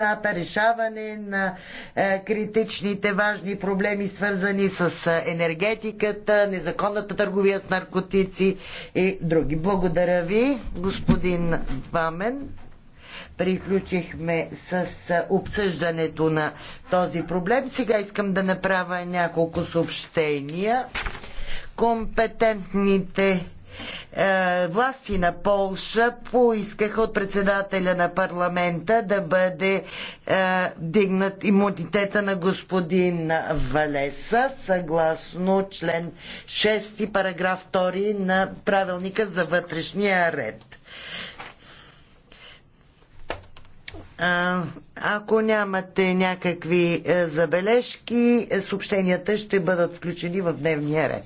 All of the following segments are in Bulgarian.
решаване на е, критичните важни проблеми, свързани с е, енергетиката, незаконната търговия с наркотици и други. Благодаря ви, господин Вамен. Приключихме с е, обсъждането на този проблем. Сега искам да направя няколко съобщения. Компетентните е, власти на Полша поискаха от председателя на парламента да бъде е, дигнат имунитета на господин Валеса, съгласно член 6, параграф 2 на правилника за вътрешния ред. Ако нямате някакви е, забележки, съобщенията ще бъдат включени в дневния ред.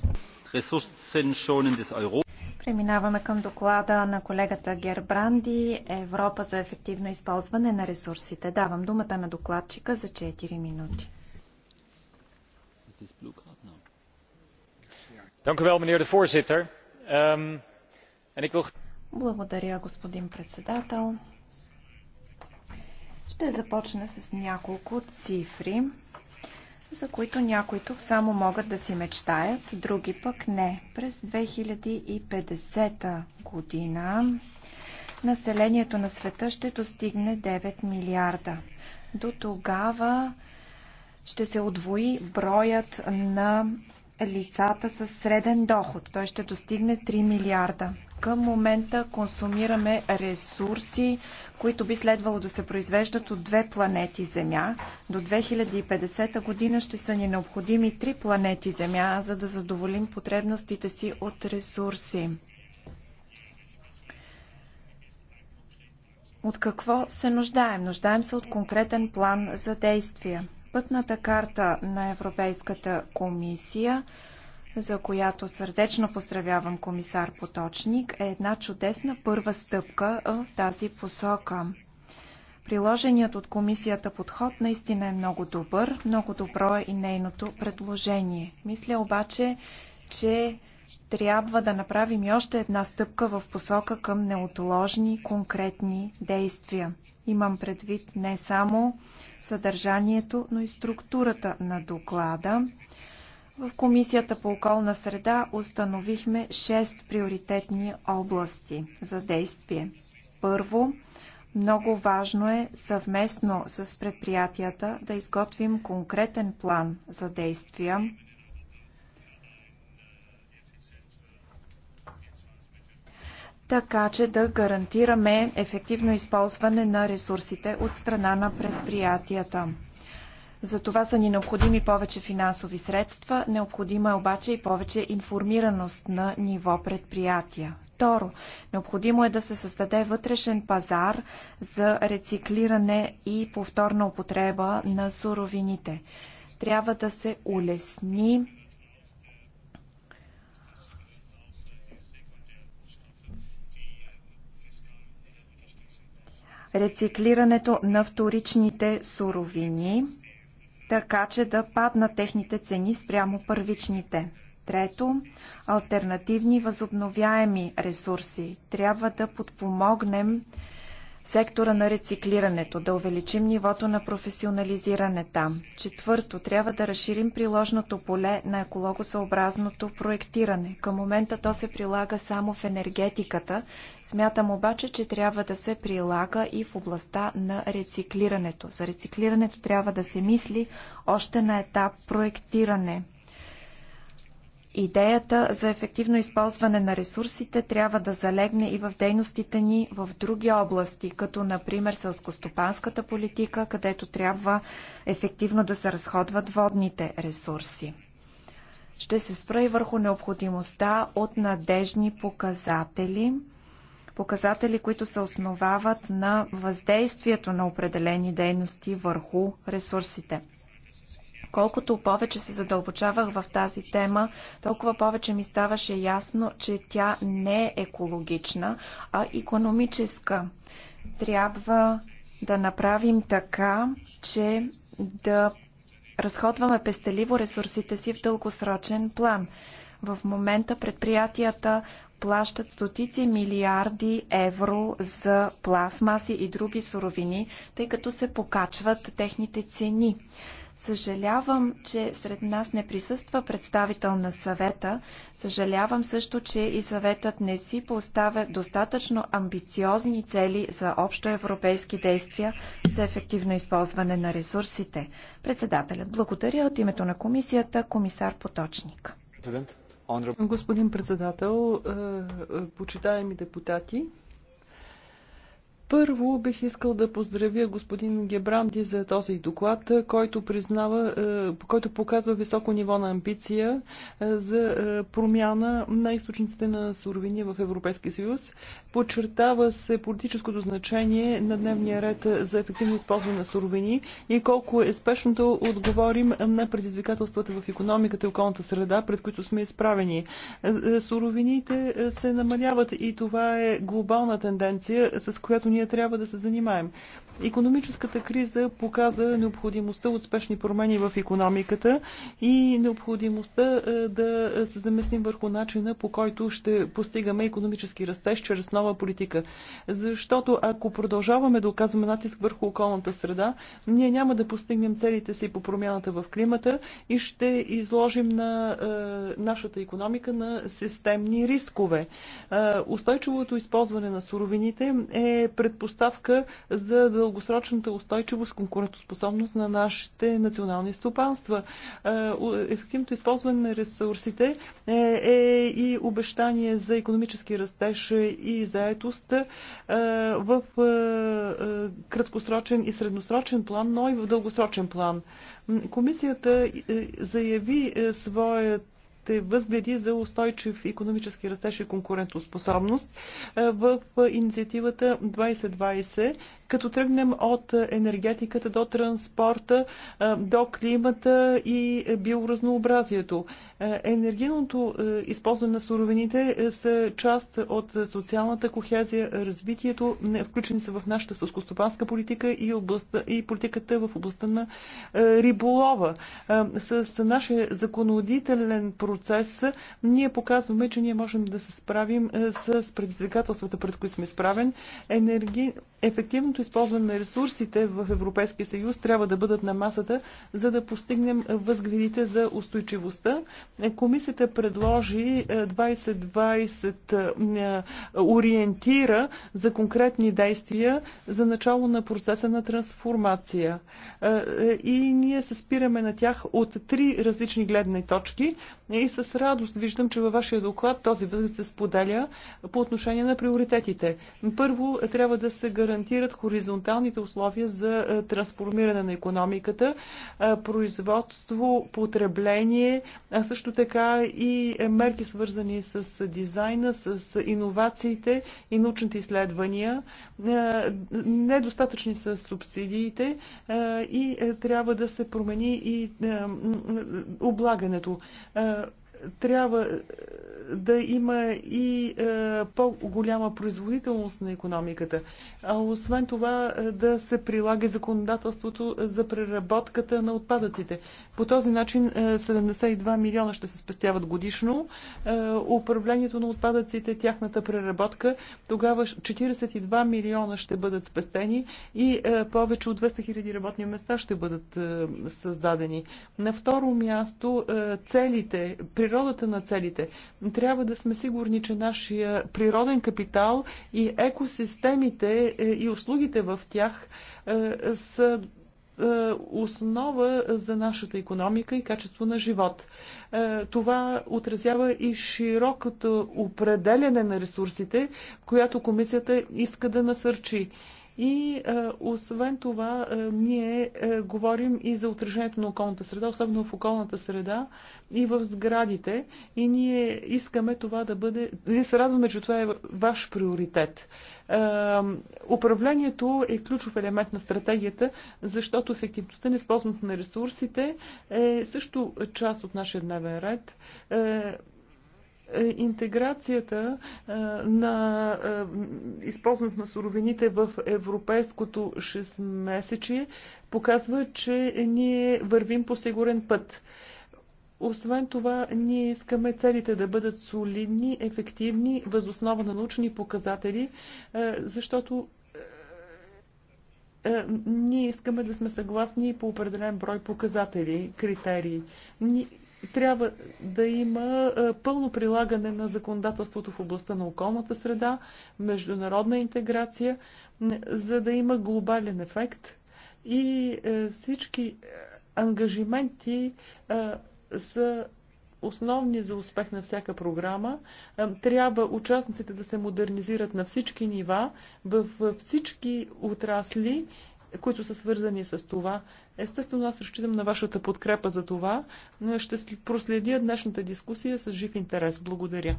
Преминаваме към доклада на колегата Гербранди Европа за ефективно използване на ресурсите. Давам думата на докладчика за 4 минути. Ehm, Благодаря, господин председател. Ще започна с няколко цифри за които някоито само могат да си мечтаят, други пък не. През 2050 година населението на света ще достигне 9 милиарда. До тогава ще се отвои броят на лицата с среден доход. Той ще достигне 3 милиарда. Към момента консумираме ресурси, които би следвало да се произвеждат от две планети Земя. До 2050 година ще са ни необходими три планети Земя, за да задоволим потребностите си от ресурси. От какво се нуждаем? Нуждаем се от конкретен план за действия. Пътната карта на Европейската комисия – за която сърдечно поздравявам комисар Поточник, е една чудесна първа стъпка в тази посока. Приложеният от комисията подход наистина е много добър, много добро е и нейното предложение. Мисля обаче, че трябва да направим и още една стъпка в посока към неотложни конкретни действия. Имам предвид не само съдържанието, но и структурата на доклада. В Комисията по околна среда установихме 6 приоритетни области за действие. Първо, много важно е съвместно с предприятията да изготвим конкретен план за действия. така че да гарантираме ефективно използване на ресурсите от страна на предприятията. За това са ни необходими повече финансови средства, необходима е обаче и повече информираност на ниво предприятия. Второ, необходимо е да се създаде вътрешен пазар за рециклиране и повторна употреба на суровините. Трябва да се улесни рециклирането на вторичните суровини – така че да паднат техните цени спрямо първичните. Трето, альтернативни възобновяеми ресурси. Трябва да подпомогнем сектора на рециклирането, да увеличим нивото на професионализиране там. Четвърто, трябва да разширим приложното поле на екологосъобразното проектиране. Към момента то се прилага само в енергетиката. Смятам обаче, че трябва да се прилага и в областта на рециклирането. За рециклирането трябва да се мисли още на етап проектиране. Идеята за ефективно използване на ресурсите трябва да залегне и в дейностите ни в други области, като например селскостопанската политика, където трябва ефективно да се разходват водните ресурси. Ще се спра и върху необходимостта от надежни показатели, показатели, които се основават на въздействието на определени дейности върху ресурсите. Колкото повече се задълбочавах в тази тема, толкова повече ми ставаше ясно, че тя не е екологична, а економическа. Трябва да направим така, че да разходваме пестеливо ресурсите си в дългосрочен план. В момента предприятията плащат стотици милиарди евро за пластмаси и други суровини, тъй като се покачват техните цени. Съжалявам, че сред нас не присъства представител на съвета. Съжалявам също, че и съветът не си поставя достатъчно амбициозни цели за общо европейски действия за ефективно използване на ресурсите. Председателят благодаря от името на комисията комисар Поточник. Господин председател, е, е, почитаеми депутати, първо бих искал да поздравя господин Гебранди за този доклад, който признава, е, който показва високо ниво на амбиция е, за е, промяна на източниците на суровини в Европейския съюз. Подчертава се политическото значение на дневния ред за ефективно използване на суровини и колко е спешно да отговорим на предизвикателствата в економиката и околната среда, пред които сме изправени. Е, е, суровините е, се намаляват и това е глобална тенденция, с която ние трябва да се занимаем. Економическата криза показа необходимостта от спешни промени в економиката и необходимостта е, да се заместим върху начина по който ще постигаме економически растеж чрез нова политика. Защото ако продължаваме да оказваме натиск върху околната среда, ние няма да постигнем целите си по промяната в климата и ще изложим на е, нашата економика на системни рискове. Е, устойчивото използване на суровините е предпоставка за да дългосрочната устойчивост, конкурентоспособност на нашите национални стопанства. Е, ефективното използване на ресурсите е, е и обещание за економически растеж и заетост е, в краткосрочен и средносрочен план, но и в дългосрочен план. Комисията заяви своят възгледи за устойчив економически растеж и конкурентоспособност в инициативата 2020 като тръгнем от енергетиката до транспорта, до климата и биоразнообразието. Енергийното използване на суровините са част от социалната кохезия, развитието, включени са в нашата съскостопанска политика и, областта, и политиката в областта на риболова. С нашия законодителен процес ние показваме, че ние можем да се справим с предизвикателствата, пред които сме справен. Енерги... Ефективното ефективното използване на ресурсите в Европейския съюз трябва да бъдат на масата, за да постигнем възгледите за устойчивостта. Комисията предложи 2020 е, е, ориентира за конкретни действия за начало на процеса на трансформация. Е, и ние се спираме на тях от три различни гледни точки. И с радост виждам, че във вашия доклад този възглед се споделя по отношение на приоритетите. Първо, трябва да се гарантират хоризонталните условия за е, трансформиране на економиката, е, производство, потребление, а също така и е, мерки свързани с дизайна, с иновациите и научните изследвания. Недостатъчни са субсидиите и трябва да се промени и облагането трябва е, да има и е, по-голяма производителност на економиката. А освен това е, да се прилага законодателството за преработката на отпадъците. По този начин е, 72 милиона ще се спестяват годишно. Е, управлението на отпадъците, тяхната преработка, тогава 42 милиона ще бъдат спестени и е, повече от 200 хиляди работни места ще бъдат е, създадени. На второ място е, целите при природата на целите. Трябва да сме сигурни, че нашия природен капитал и екосистемите е, и услугите в тях е, са е, основа за нашата економика и качество на живот. Това отразява и широкото определяне на ресурсите, която комисията иска да насърчи. И а, е, освен това, а, е, ние а, е, говорим и за отражението на околната среда, особено в околната среда и в сградите. И ние искаме това да бъде. Ние се радваме, че това е ваш приоритет. А, управлението е ключов елемент на стратегията, защото ефективността на използването на ресурсите е също част от нашия дневен ред. А, е, интеграцията е, на е, използването на суровините в европейското 6 месечие показва, че ние вървим по сигурен път. Освен това, ние искаме целите да бъдат солидни, ефективни, възоснова на научни показатели, защото ние искаме да сме съгласни по определен брой показатели, критерии. Трябва да има е, пълно прилагане на законодателството в областта на околната среда, международна интеграция, за да има глобален ефект и е, всички е, ангажименти са основни за успех на всяка програма. Трябва участниците да се модернизират на всички нива, във всички отрасли, които са свързани с това. Естествено, аз разчитам на вашата подкрепа за това. Ще проследя днешната дискусия с жив интерес. Благодаря.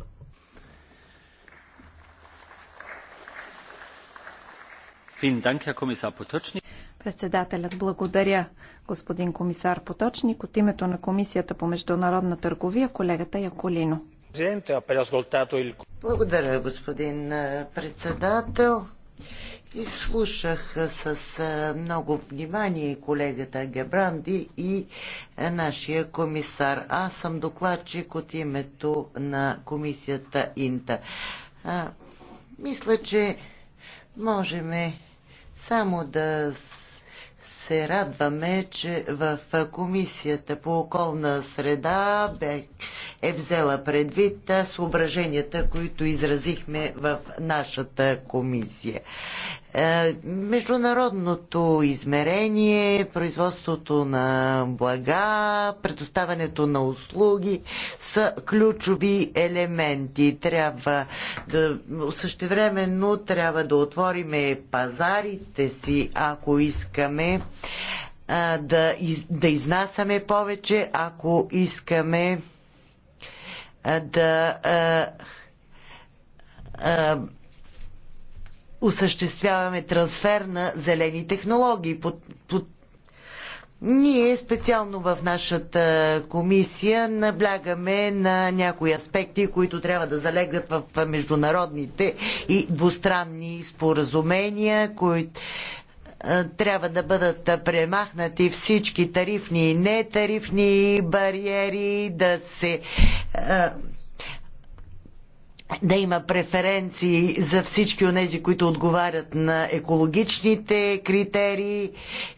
Председателят благодаря господин комисар Поточник от името на Комисията по международна търговия колегата Яколино. Благодаря господин председател. Изслушах с много внимание колегата Гебранди и нашия комисар. Аз съм докладчик от името на комисията Инта. мисля, че можем само да се радваме, че в Комисията по околна среда е взела предвид съображенията, които изразихме в нашата комисия. Е, международното измерение, производството на блага, предоставянето на услуги са ключови елементи. Трябва да, същевременно трябва да отвориме пазарите си, ако искаме е, да, из, да изнасяме повече, ако искаме е, да а, а, осъществяваме трансфер на зелени технологии. Под, под... Ние специално в нашата комисия наблягаме на някои аспекти, които трябва да залегат в международните и двустранни споразумения, които трябва да бъдат премахнати всички тарифни и нетарифни бариери, да се да има преференции за всички от тези, които отговарят на екологичните критерии,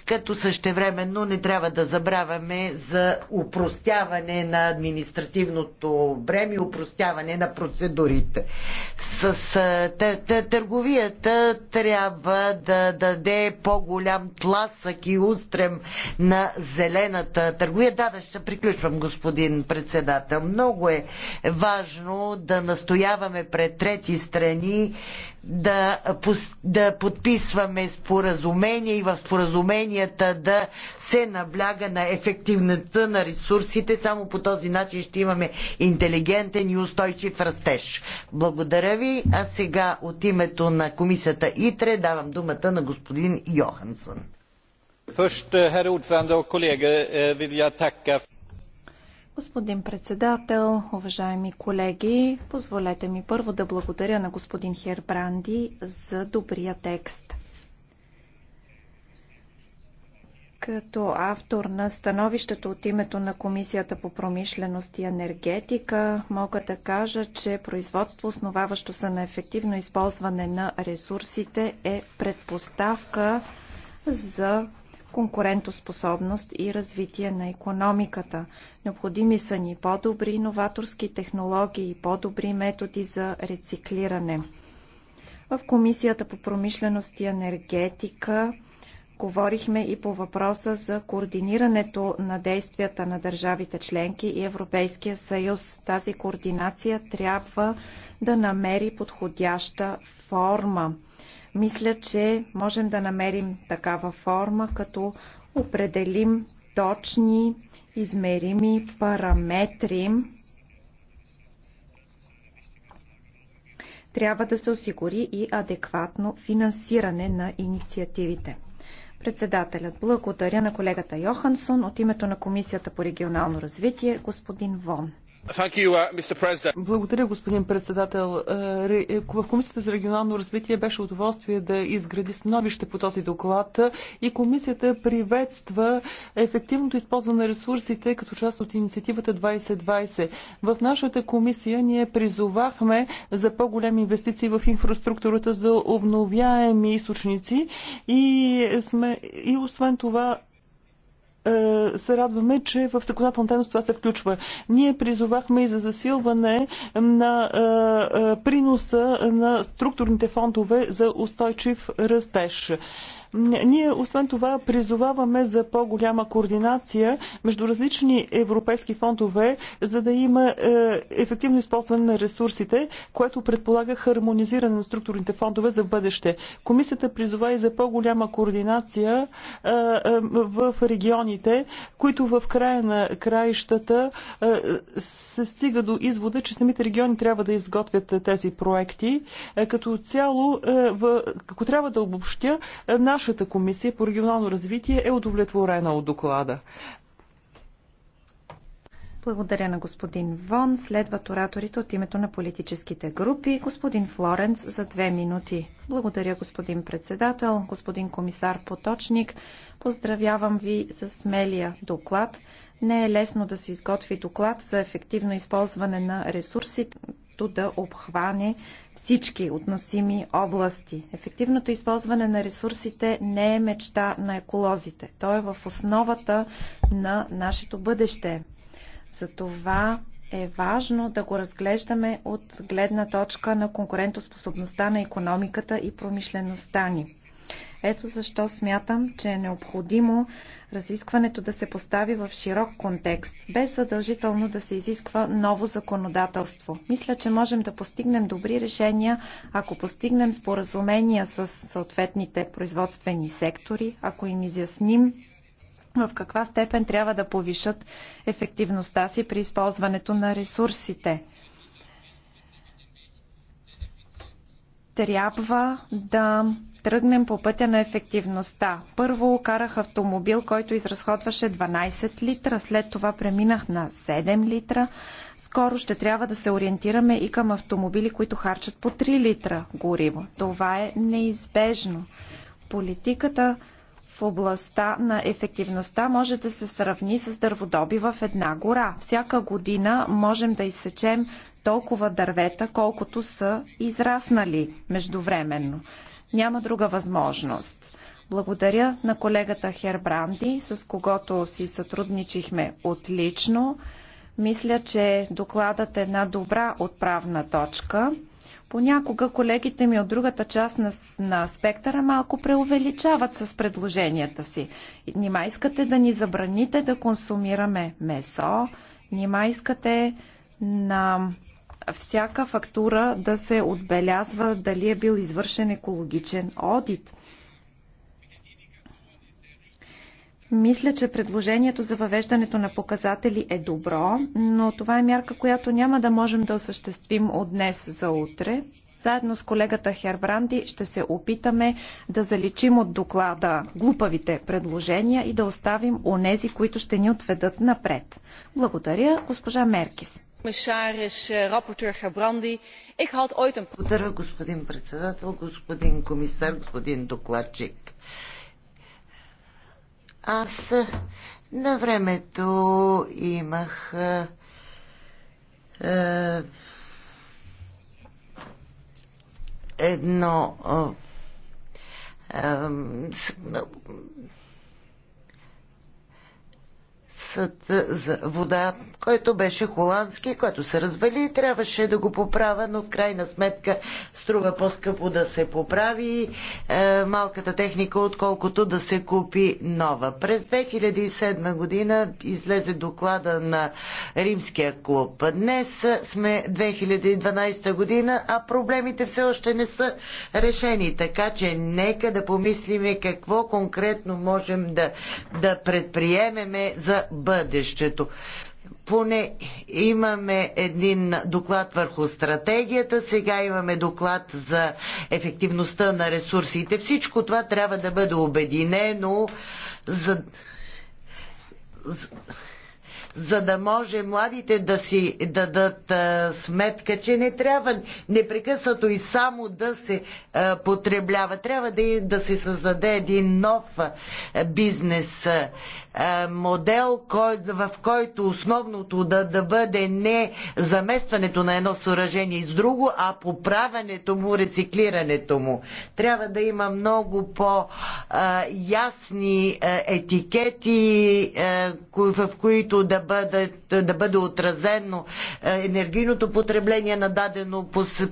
като същевременно не трябва да забравяме за упростяване на административното бреме упростяване на процедурите. С търговията трябва да даде по-голям тласък и устрем на зелената търговия. Да, да, ще приключвам, господин председател. Много е важно да настояваме пред трети страни да, да подписваме споразумения и в споразуменията да се набляга на ефективността на ресурсите. Само по този начин ще имаме интелигентен и устойчив растеж. Благодаря ви. А сега от името на комисията ИТРЕ давам думата на господин Йохансън. Eh, ordförande Господин председател, уважаеми колеги, позволете ми първо да благодаря на господин Хербранди за добрия текст. Като автор на становището от името на Комисията по промишленост и енергетика, мога да кажа, че производство, основаващо се на ефективно използване на ресурсите, е предпоставка за конкурентоспособност и развитие на економиката. Необходими са ни по-добри иноваторски технологии и по-добри методи за рециклиране. В Комисията по промишленост и енергетика говорихме и по въпроса за координирането на действията на държавите членки и Европейския съюз. Тази координация трябва да намери подходяща форма. Мисля, че можем да намерим такава форма, като определим точни, измерими параметри. Трябва да се осигури и адекватно финансиране на инициативите. Председателят благодаря на колегата Йохансон от името на Комисията по регионално развитие господин Вон. Uh, Благодаря, господин председател. Е, е, в Комисията за регионално развитие беше удоволствие да изгради становище по този доклад и Комисията приветства ефективното използване на ресурсите като част от инициативата 2020. В нашата комисия ние призовахме за по-големи инвестиции в инфраструктурата за обновяеми източници и, сме, и освен това е, се радваме, че в законодателната дейност това се включва. Ние призовахме и за засилване на е, е, приноса на структурните фондове за устойчив растеж. Ние, освен това, призоваваме за по-голяма координация между различни европейски фондове, за да има е, ефективно използване на ресурсите, което предполага хармонизиране на структурните фондове за бъдеще. Комисията призова и за по-голяма координация е, е, в регионите, които в края на краищата се стига до извода, че самите региони трябва да изготвят тези проекти. Като цяло, ако трябва да обобщя, наш нашата комисия по регионално развитие е удовлетворена от доклада. Благодаря на господин Вон. Следват ораторите от името на политическите групи. Господин Флоренц за две минути. Благодаря, господин председател, господин комисар Поточник. Поздравявам ви за смелия доклад. Не е лесно да се изготви доклад за ефективно използване на ресурсите, да обхване всички относими области. Ефективното използване на ресурсите не е мечта на еколозите. То е в основата на нашето бъдеще. Затова е важно да го разглеждаме от гледна точка на конкурентоспособността на економиката и промишлеността ни. Ето защо смятам, че е необходимо разискването да се постави в широк контекст, без задължително да се изисква ново законодателство. Мисля, че можем да постигнем добри решения, ако постигнем споразумения с съответните производствени сектори, ако им изясним в каква степен трябва да повишат ефективността си при използването на ресурсите. Трябва да тръгнем по пътя на ефективността. Първо карах автомобил, който изразходваше 12 литра, след това преминах на 7 литра. Скоро ще трябва да се ориентираме и към автомобили, които харчат по 3 литра гориво. Това е неизбежно. Политиката в областта на ефективността може да се сравни с дърводоби в една гора. Всяка година можем да изсечем толкова дървета, колкото са израснали междувременно. Няма друга възможност. Благодаря на колегата Хербранди, с когото си сътрудничихме отлично. Мисля, че докладът е една добра отправна точка. Понякога колегите ми от другата част на, на спектъра малко преувеличават с предложенията си. Нима искате да ни забраните да консумираме месо, нима искате на всяка фактура да се отбелязва дали е бил извършен екологичен одит. Мисля, че предложението за въвеждането на показатели е добро, но това е мярка, която няма да можем да осъществим от днес за утре. Заедно с колегата Хербранди ще се опитаме да заличим от доклада глупавите предложения и да оставим онези, които ще ни отведат напред. Благодаря, госпожа Меркис commissaris eh, rapporteur gerbrandy ik had ooit een... Благодаря, господин председател, господин комисар, господин докладчик. Аз е, на времето имах е, е едно е, е съд е, за вода, който беше холандски, който се развали и трябваше да го поправя, но в крайна сметка струва по-скъпо да се поправи е, малката техника, отколкото да се купи нова. През 2007 година излезе доклада на Римския клуб. Днес сме 2012 година, а проблемите все още не са решени, така че нека да помислиме какво конкретно можем да, да предприемеме за бъдещето. Поне имаме един доклад върху стратегията, сега имаме доклад за ефективността на ресурсите. Всичко това трябва да бъде обединено, за, за, за да може младите да си дадат а, сметка, че не трябва непрекъснато и само да се а, потреблява. Трябва да, да се създаде един нов а, бизнес. А, е, модел, в който основното да, да бъде не заместването на едно съоръжение с друго, а поправянето му, рециклирането му. Трябва да има много по-ясни е, етикети, е, в които да бъде, да бъде отразено енергийното потребление на дадено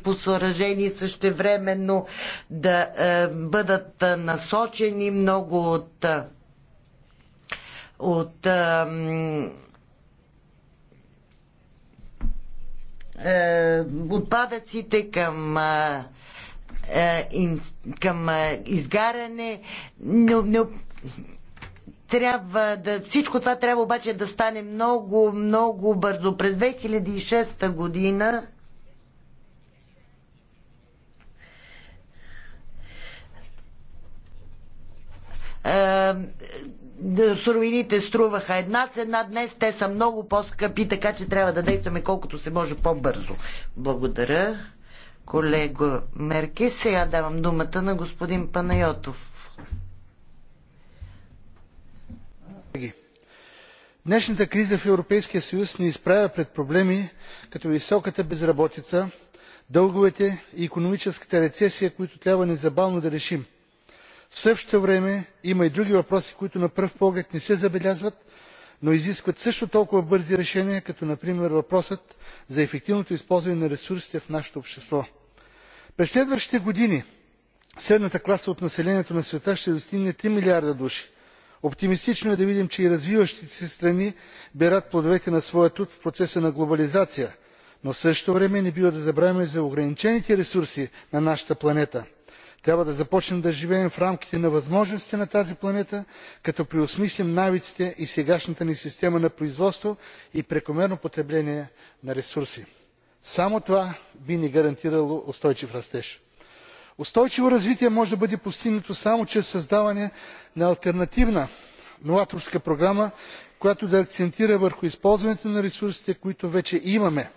по съоръжение същевременно да бъдат насочени много от от е, отпадъците към е, към изгаряне. Но, но, трябва да, всичко това трябва обаче да стане много, много бързо. През 2006 година е, суровините струваха една цена, днес те са много по-скъпи, така че трябва да действаме колкото се може по-бързо. Благодаря, колего Мерки. Сега давам думата на господин Панайотов. Днешната криза в Европейския съюз ни изправя пред проблеми като високата безработица, дълговете и економическата рецесия, които трябва незабавно да решим в същото време има и други въпроси които на пръв поглед не се забелязват но изискват също толкова бързи решения като например въпросът за ефективното използване на ресурсите в нашето общество. през следващите години средната класа от населението на света ще достигне три милиарда души. оптимистично е да видим че и развиващите се страни берат плодовете на своя труд в процеса на глобализация но в същото време не бива да забравяме за ограничените ресурси на нашата планета трябва да започнем да живеем в рамките на възможностите на тази планета като преосмислим навиците и сегашната ни система на производство и прекомерно потребление на ресурси. само това би ни гарантирало устойчив растеж. устойчиво развитие може да бъде постигнато само чрез създаване на алтернативна новаторска програма която да акцентира върху използването на ресурсите които вече имаме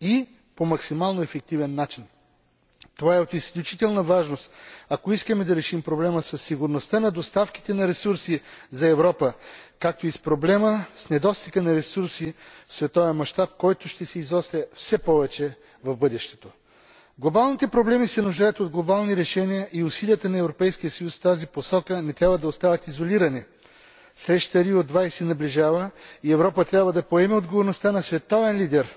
и по максимално ефективен начин това е от изключителна важност ако искаме да решим проблема със сигурността на доставките на ресурси за европа както и с проблема с недостига на ресурси в световен мащаб който ще се изостря все повече в бъдещето. глобалните проблеми се нуждаят от глобални решения и усилията на европейския съюз в тази посока не трябва да остават изолирани. срещата рио двадесет наближава и европа трябва да поеме отговорността на световен лидер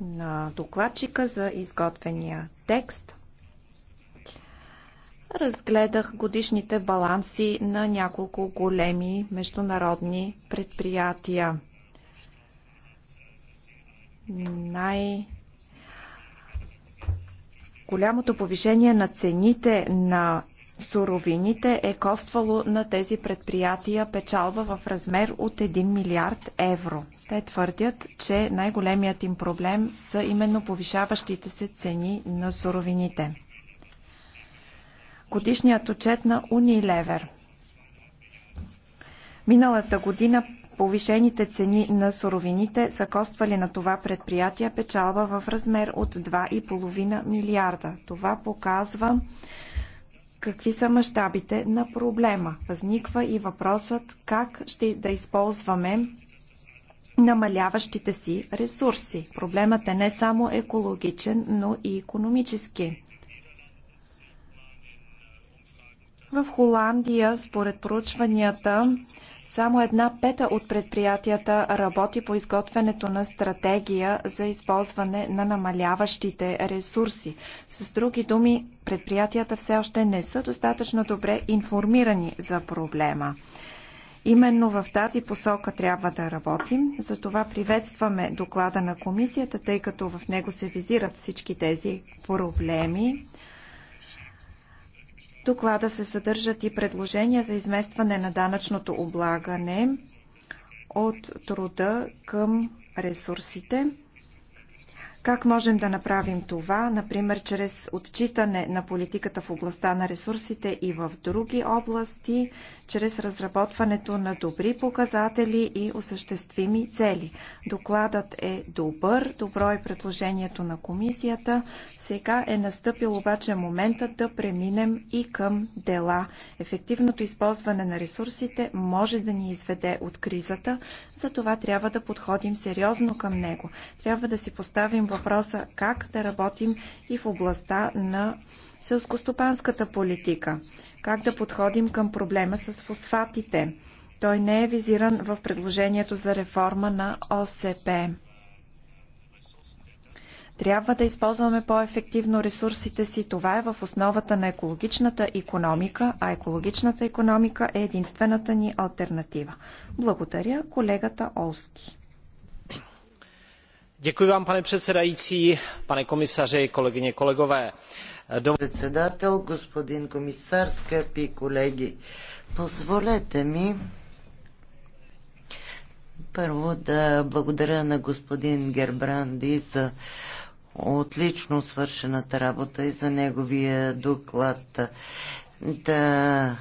на докладчика за изготвения текст. Разгледах годишните баланси на няколко големи международни предприятия. Най- голямото повишение на цените на суровините е коствало на тези предприятия печалба в размер от 1 милиард евро. Те твърдят, че най-големият им проблем са именно повишаващите се цени на суровините. Годишният отчет на Унилевер. Миналата година повишените цени на суровините са коствали на това предприятие печалба в размер от 2,5 милиарда. Това показва какви са мащабите на проблема. Възниква и въпросът как ще да използваме намаляващите си ресурси. Проблемът е не само екологичен, но и економически. В Холандия, според проучванията, само една пета от предприятията работи по изготвянето на стратегия за използване на намаляващите ресурси. С други думи, предприятията все още не са достатъчно добре информирани за проблема. Именно в тази посока трябва да работим. Затова приветстваме доклада на комисията, тъй като в него се визират всички тези проблеми доклада се съдържат и предложения за изместване на данъчното облагане от труда към ресурсите. Как можем да направим това, например, чрез отчитане на политиката в областта на ресурсите и в други области, чрез разработването на добри показатели и осъществими цели? Докладът е добър, добро е предложението на комисията. Сега е настъпил обаче моментът да преминем и към дела. Ефективното използване на ресурсите може да ни изведе от кризата, това трябва да подходим сериозно към него. Трябва да си поставим въпроса как да работим и в областта на селскостопанската политика, как да подходим към проблема с фосфатите. Той не е визиран в предложението за реформа на ОСП. Трябва да използваме по-ефективно ресурсите си. Това е в основата на екологичната економика, а екологичната економика е единствената ни альтернатива. Благодаря колегата Олски pane předsedající pane komisaři kolegyně kolegové председател господин комисар скъпи колеги позволете ми първо да благодаря на господин Гербранди за отлично свършената работа и за неговия доклад да,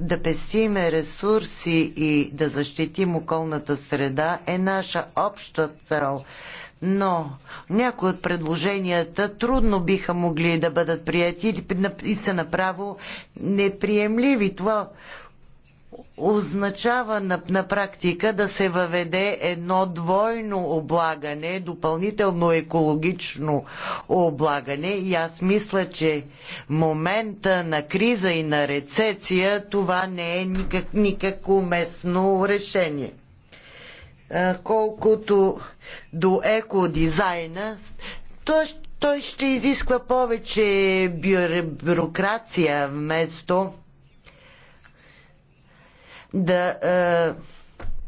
да пестиме ресурси и да защитим околната среда е наша обща цел но някои от предложенията трудно биха могли да бъдат прияти и са направо неприемливи. Това означава на, на практика да се въведе едно двойно облагане, допълнително екологично облагане и аз мисля, че момента на криза и на рецесия това не е никак, никак уместно решение. Колкото до екодизайна, то, той ще изисква повече бюрокрация вместо да е,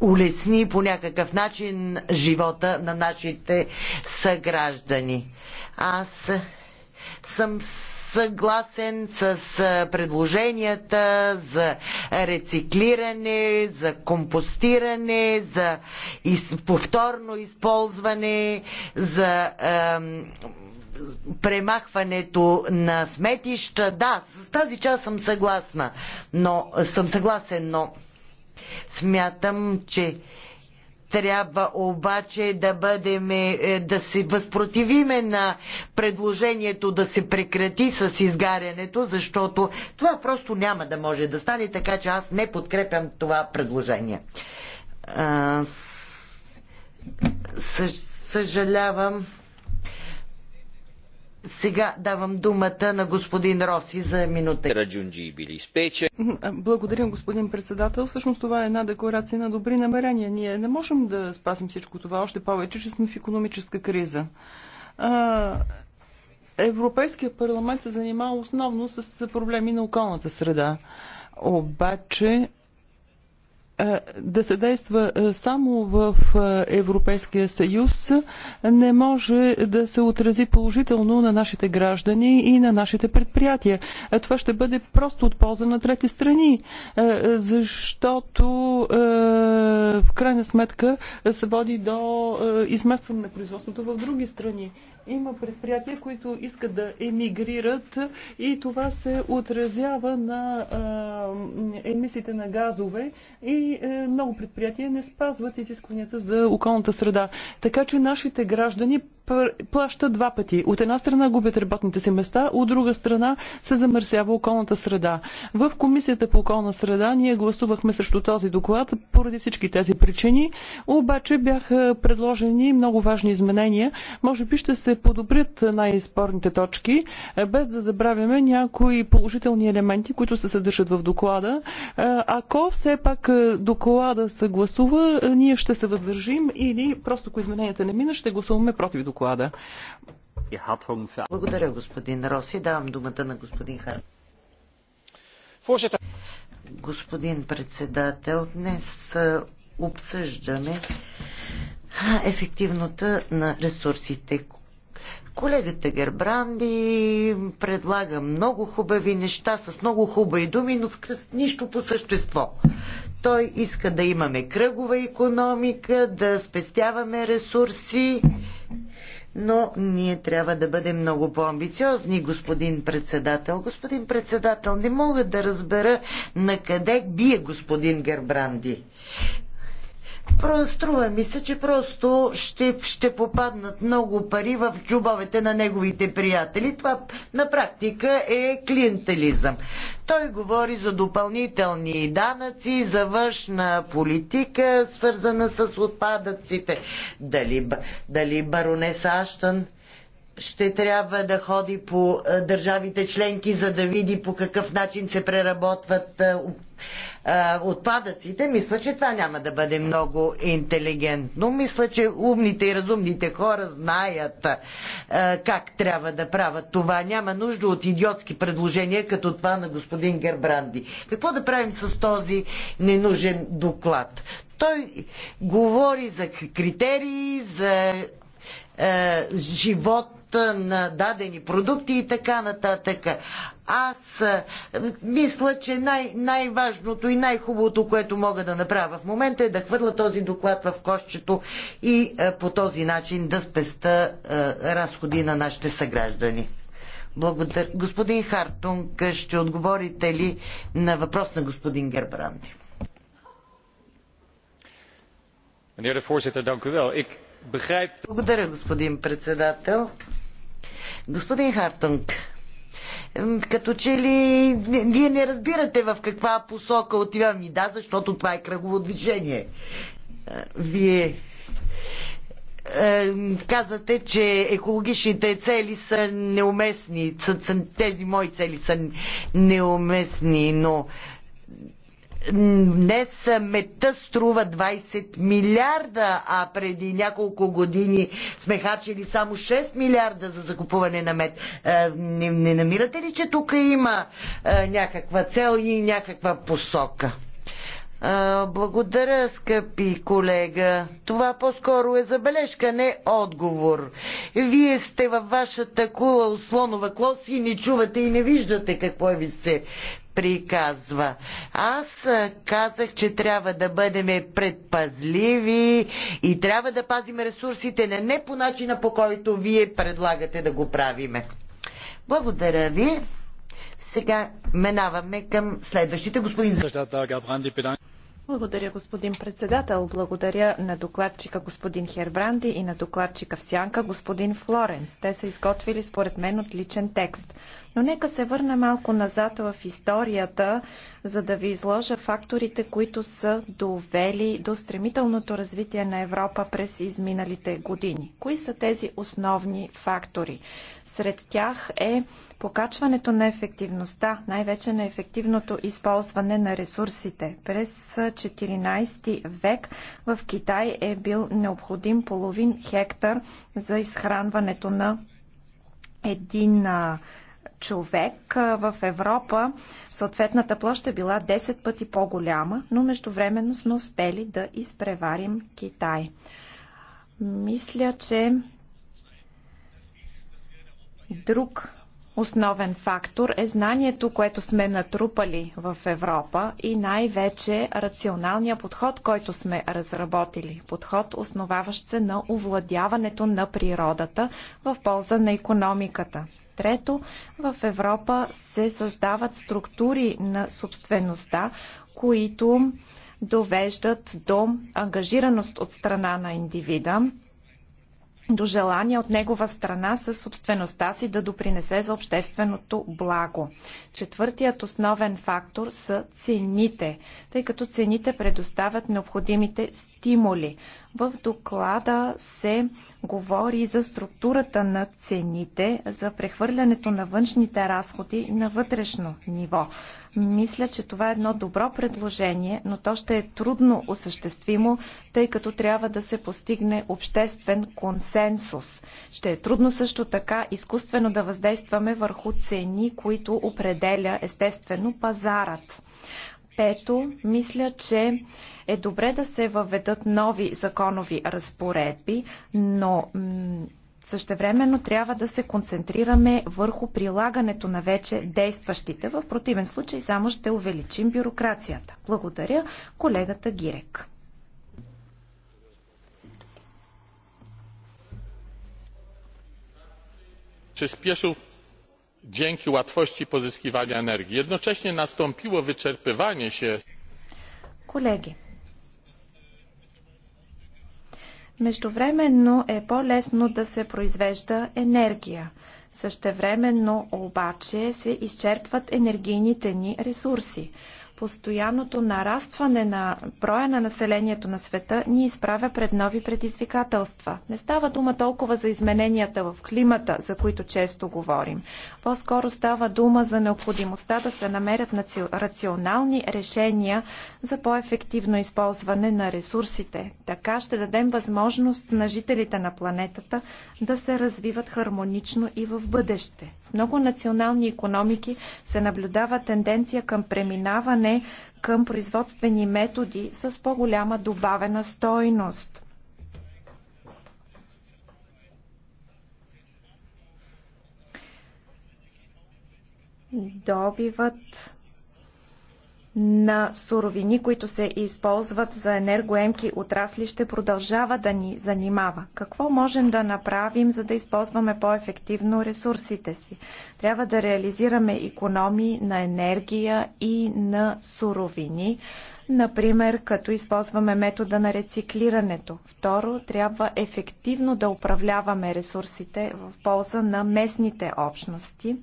улесни по някакъв начин живота на нашите съграждани. Аз съм съгласен с предложенията за рециклиране, за компостиране, за повторно използване, за премахването на сметища. Да, с тази част съм съгласна, но съм съгласен, но смятам, че трябва обаче да бъдем, е, да се възпротивиме на предложението да се прекрати с изгарянето, защото това просто няма да може да стане, така че аз не подкрепям това предложение. А, съ, съжалявам. Сега давам думата на господин Роси за минута. Благодаря, господин председател. Всъщност това е една декларация на добри намерения. Ние не можем да спасим всичко това, още повече, че сме в економическа криза. Европейския парламент се занимава основно с проблеми на околната среда. Обаче да се действа само в Европейския съюз не може да се отрази положително на нашите граждани и на нашите предприятия. Това ще бъде просто от полза на трети страни, защото в крайна сметка се води до изместване на производството в други страни. Има предприятия, които искат да емигрират и това се отразява на емисиите на газове и е, много предприятия не спазват изискванията за околната среда. Така че нашите граждани плащат два пъти. От една страна губят работните си места, от друга страна се замърсява околната среда. В Комисията по околна среда ние гласувахме срещу този доклад поради всички тези причини, обаче бяха предложени много важни изменения. Може би ще се се подобрят най-спорните точки, без да забравяме някои положителни елементи, които се съдържат в доклада. Е, ако все пак е, доклада се гласува, е, ние ще се въздържим или просто ако измененията не мина, ще гласуваме против доклада. Благодаря, господин Роси. Давам думата на господин Хар. Господин председател, днес обсъждаме ефективността на ресурсите, Колегата Гербранди предлага много хубави неща с много хубави думи, но с нищо по същество. Той иска да имаме кръгова економика, да спестяваме ресурси, но ние трябва да бъдем много по-амбициозни, господин председател. Господин председател, не мога да разбера на къде бие господин Гербранди. Струва ми се, че просто ще, ще попаднат много пари в чубовете на неговите приятели. Това на практика е клиентелизъм. Той говори за допълнителни данъци, за външна политика, свързана с отпадъците. Дали, дали баронес Аштън ще трябва да ходи по държавите членки, за да види по какъв начин се преработват отпадъците, мисля, че това няма да бъде много интелигентно. Мисля, че умните и разумните хора знаят как трябва да правят това. Няма нужда от идиотски предложения, като това на господин Гербранди. Какво да правим с този ненужен доклад? Той говори за критерии, за е, живот на дадени продукти и така нататък. Аз мисля, че най- най-важното и най-хубавото, което мога да направя в момента е да хвърля този доклад в кошчето и по този начин да спеста разходи на нашите съграждани. Благодаря. Господин Хартунг, ще отговорите ли на въпрос на господин Гербранди? Благодаря, господин председател. Господин Хартунг, като че ли вие не разбирате в каква посока отивам и да, защото това е кръгово движение. Е, вие е, казвате, че екологичните цели са неуместни, тези мои цели са неуместни, но Днес мета струва 20 милиарда, а преди няколко години сме харчили само 6 милиарда за закупуване на мед. Е, не, не намирате ли, че тук има е, някаква цел и някаква посока? Е, благодаря, скъпи колега. Това по-скоро е забележка, не отговор. Вие сте във вашата кула слонова клос и не чувате и не виждате какво ви се приказва. Аз казах, че трябва да бъдем предпазливи и трябва да пазим ресурсите, не, не по начина по който вие предлагате да го правиме. Благодаря ви. Сега минаваме към следващите господин. Благодаря, господин председател. Благодаря на докладчика господин Хербранди и на докладчика в Сянка господин Флоренс. Те са изготвили според мен отличен текст. Но нека се върне малко назад в историята, за да ви изложа факторите, които са довели до стремителното развитие на Европа през изминалите години. Кои са тези основни фактори? Сред тях е покачването на ефективността, най-вече на ефективното използване на ресурсите. През 14 век в Китай е бил необходим половин хектар за изхранването на един човек в Европа съответната площ е била 10 пъти по-голяма, но междувременно сме успели да изпреварим Китай. Мисля, че друг основен фактор е знанието, което сме натрупали в Европа и най-вече рационалния подход, който сме разработили. Подход, основаващ се на овладяването на природата в полза на економиката. Трето, в Европа се създават структури на собствеността, които довеждат до ангажираност от страна на индивида, до желание от негова страна със собствеността си да допринесе за общественото благо. Четвъртият основен фактор са цените, тъй като цените предоставят необходимите стимули. В доклада се говори за структурата на цените, за прехвърлянето на външните разходи на вътрешно ниво. Мисля, че това е едно добро предложение, но то ще е трудно осъществимо, тъй като трябва да се постигне обществен консенсус. Ще е трудно също така изкуствено да въздействаме върху цени, които определя естествено пазарът. Пето, мисля, че е добре да се въведат нови законови разпоредби, но същевременно трябва да се концентрираме върху прилагането на вече действащите. В противен случай само ще увеличим бюрокрацията. Благодаря колегата Гирек. от dzięki łatwości pozyskiwania energii. jednocześnie nastąpiło wyczerpywanie się Колеги, междувременно е по-лесно да се произвежда енергия. Същевременно обаче се изчерпват енергийните ни ресурси. Постоянното нарастване на броя на населението на света ни изправя пред нови предизвикателства. Не става дума толкова за измененията в климата, за които често говорим. По-скоро става дума за необходимостта да се намерят рационални решения за по-ефективно използване на ресурсите. Така ще дадем възможност на жителите на планетата да се развиват хармонично и в бъдеще. В много национални економики се наблюдава тенденция към преминаване преминаване към производствени методи с по-голяма добавена стойност. Добивът на суровини, които се използват за енергоемки отрасли, ще продължава да ни занимава. Какво можем да направим, за да използваме по-ефективно ресурсите си? Трябва да реализираме економии на енергия и на суровини, например, като използваме метода на рециклирането. Второ, трябва ефективно да управляваме ресурсите в полза на местните общности.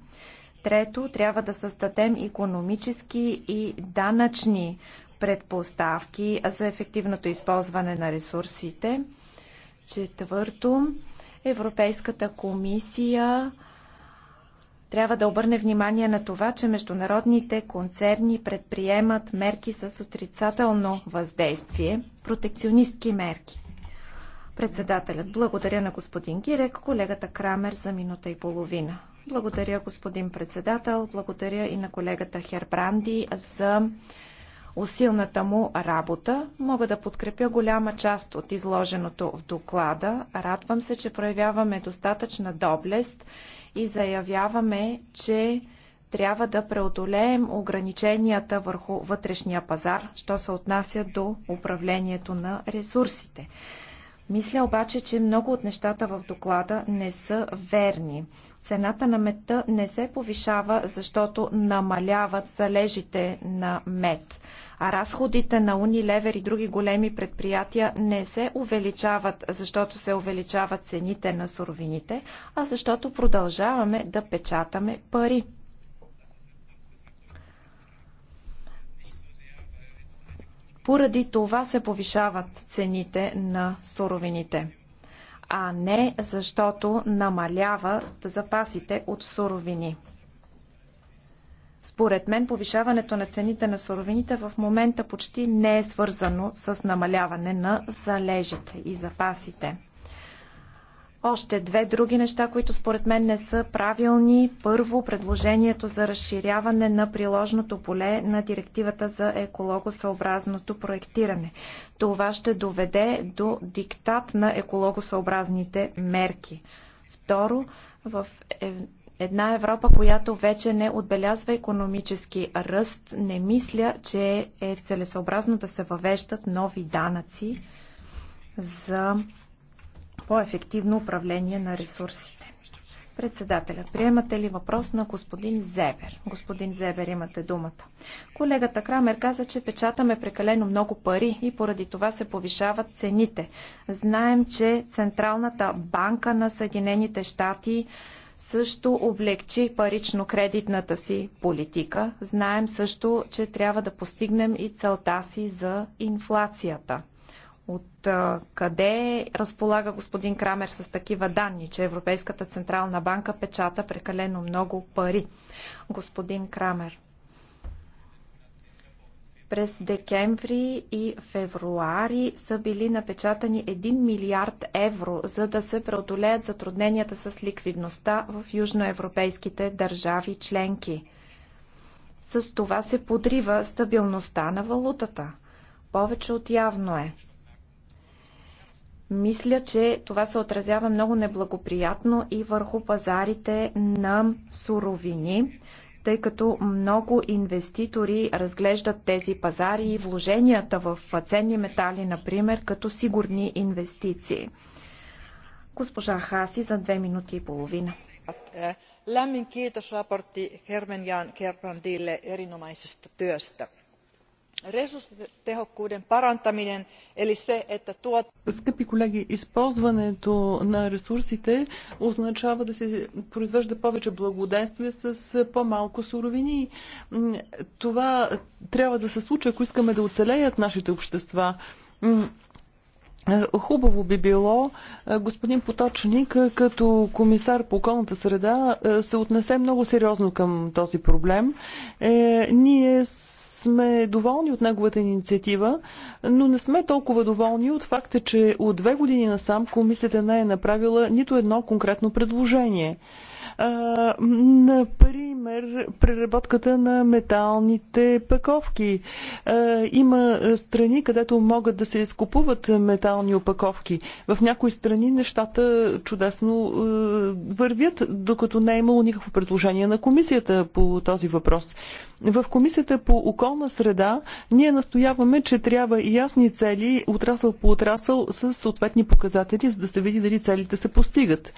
Трето, трябва да създадем економически и данъчни предпоставки за ефективното използване на ресурсите. Четвърто, Европейската комисия трябва да обърне внимание на това, че международните концерни предприемат мерки с отрицателно въздействие, протекционистки мерки. Председателят, благодаря на господин Гирек, колегата Крамер за минута и половина. Благодаря, господин председател, благодаря и на колегата Хербранди за усилната му работа. Мога да подкрепя голяма част от изложеното в доклада. Радвам се, че проявяваме достатъчна доблест и заявяваме, че трябва да преодолеем ограниченията върху вътрешния пазар, що се отнася до управлението на ресурсите. Мисля обаче, че много от нещата в доклада не са верни. Цената на мета не се повишава, защото намаляват залежите на мед. А разходите на левер и други големи предприятия не се увеличават, защото се увеличават цените на суровините, а защото продължаваме да печатаме пари. Поради това се повишават цените на суровините, а не защото намаляват запасите от суровини. Според мен повишаването на цените на суровините в момента почти не е свързано с намаляване на залежите и запасите. Още две други неща, които според мен не са правилни. Първо, предложението за разширяване на приложното поле на директивата за екологосъобразното проектиране. Това ще доведе до диктат на екологосъобразните мерки. Второ, в е, една Европа, която вече не отбелязва економически ръст, не мисля, че е целесообразно да се въвеждат нови данъци за по-ефективно управление на ресурсите. Председателят, приемате ли въпрос на господин Зебер? Господин Зебер, имате думата. Колегата Крамер каза, че печатаме прекалено много пари и поради това се повишават цените. Знаем, че Централната банка на Съединените щати също облегчи парично-кредитната си политика. Знаем също, че трябва да постигнем и целта си за инфлацията. От къде разполага господин Крамер с такива данни, че Европейската Централна банка печата прекалено много пари? Господин Крамер, през декември и февруари са били напечатани 1 милиард евро, за да се преодолеят затрудненията с ликвидността в южноевропейските държави членки. С това се подрива стабилността на валутата. Повече от явно е. Мисля, че това се отразява много неблагоприятно и върху пазарите на суровини, тъй като много инвеститори разглеждат тези пазари и вложенията в ценни метали, например, като сигурни инвестиции. Госпожа Хаси за две минути и половина. Lämmin kiitos raportti Hermen Jan Kerbrandille erinomaisesta työstä ресурситехоккуден парантаминен или се ета туот... Скъпи колеги, използването на ресурсите означава да се произвежда повече благоденствие с по-малко суровини. Това трябва да се случи, ако искаме да оцелеят нашите общества. Е, хубаво би било е, господин Поточник като комисар по околната среда е, се отнесе много сериозно към този проблем. Е, ние сме доволни от неговата инициатива, но не сме толкова доволни от факта, че от две години насам комисията не е направила нито едно конкретно предложение. Например, преработката на металните паковки. Има страни, където могат да се изкупуват метални опаковки. В някои страни нещата чудесно вървят, докато не е имало никакво предложение на комисията по този въпрос. В Комисията по околна среда ние настояваме, че трябва и ясни цели отрасъл по отрасъл с съответни показатели, за да се види дали целите се постигат.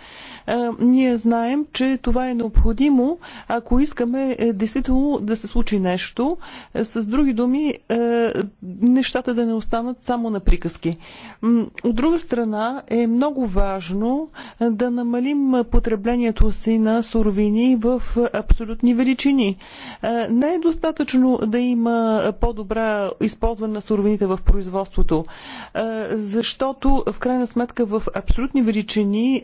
Ние знаем, че това е необходимо, ако искаме е, действително да се случи нещо. Е, с други думи, е, нещата да не останат само на приказки. От друга страна е много важно да намалим потреблението си на суровини в абсолютни величини. Не е достатъчно да има по-добра използване на суровините в производството, защото в крайна сметка в абсолютни величини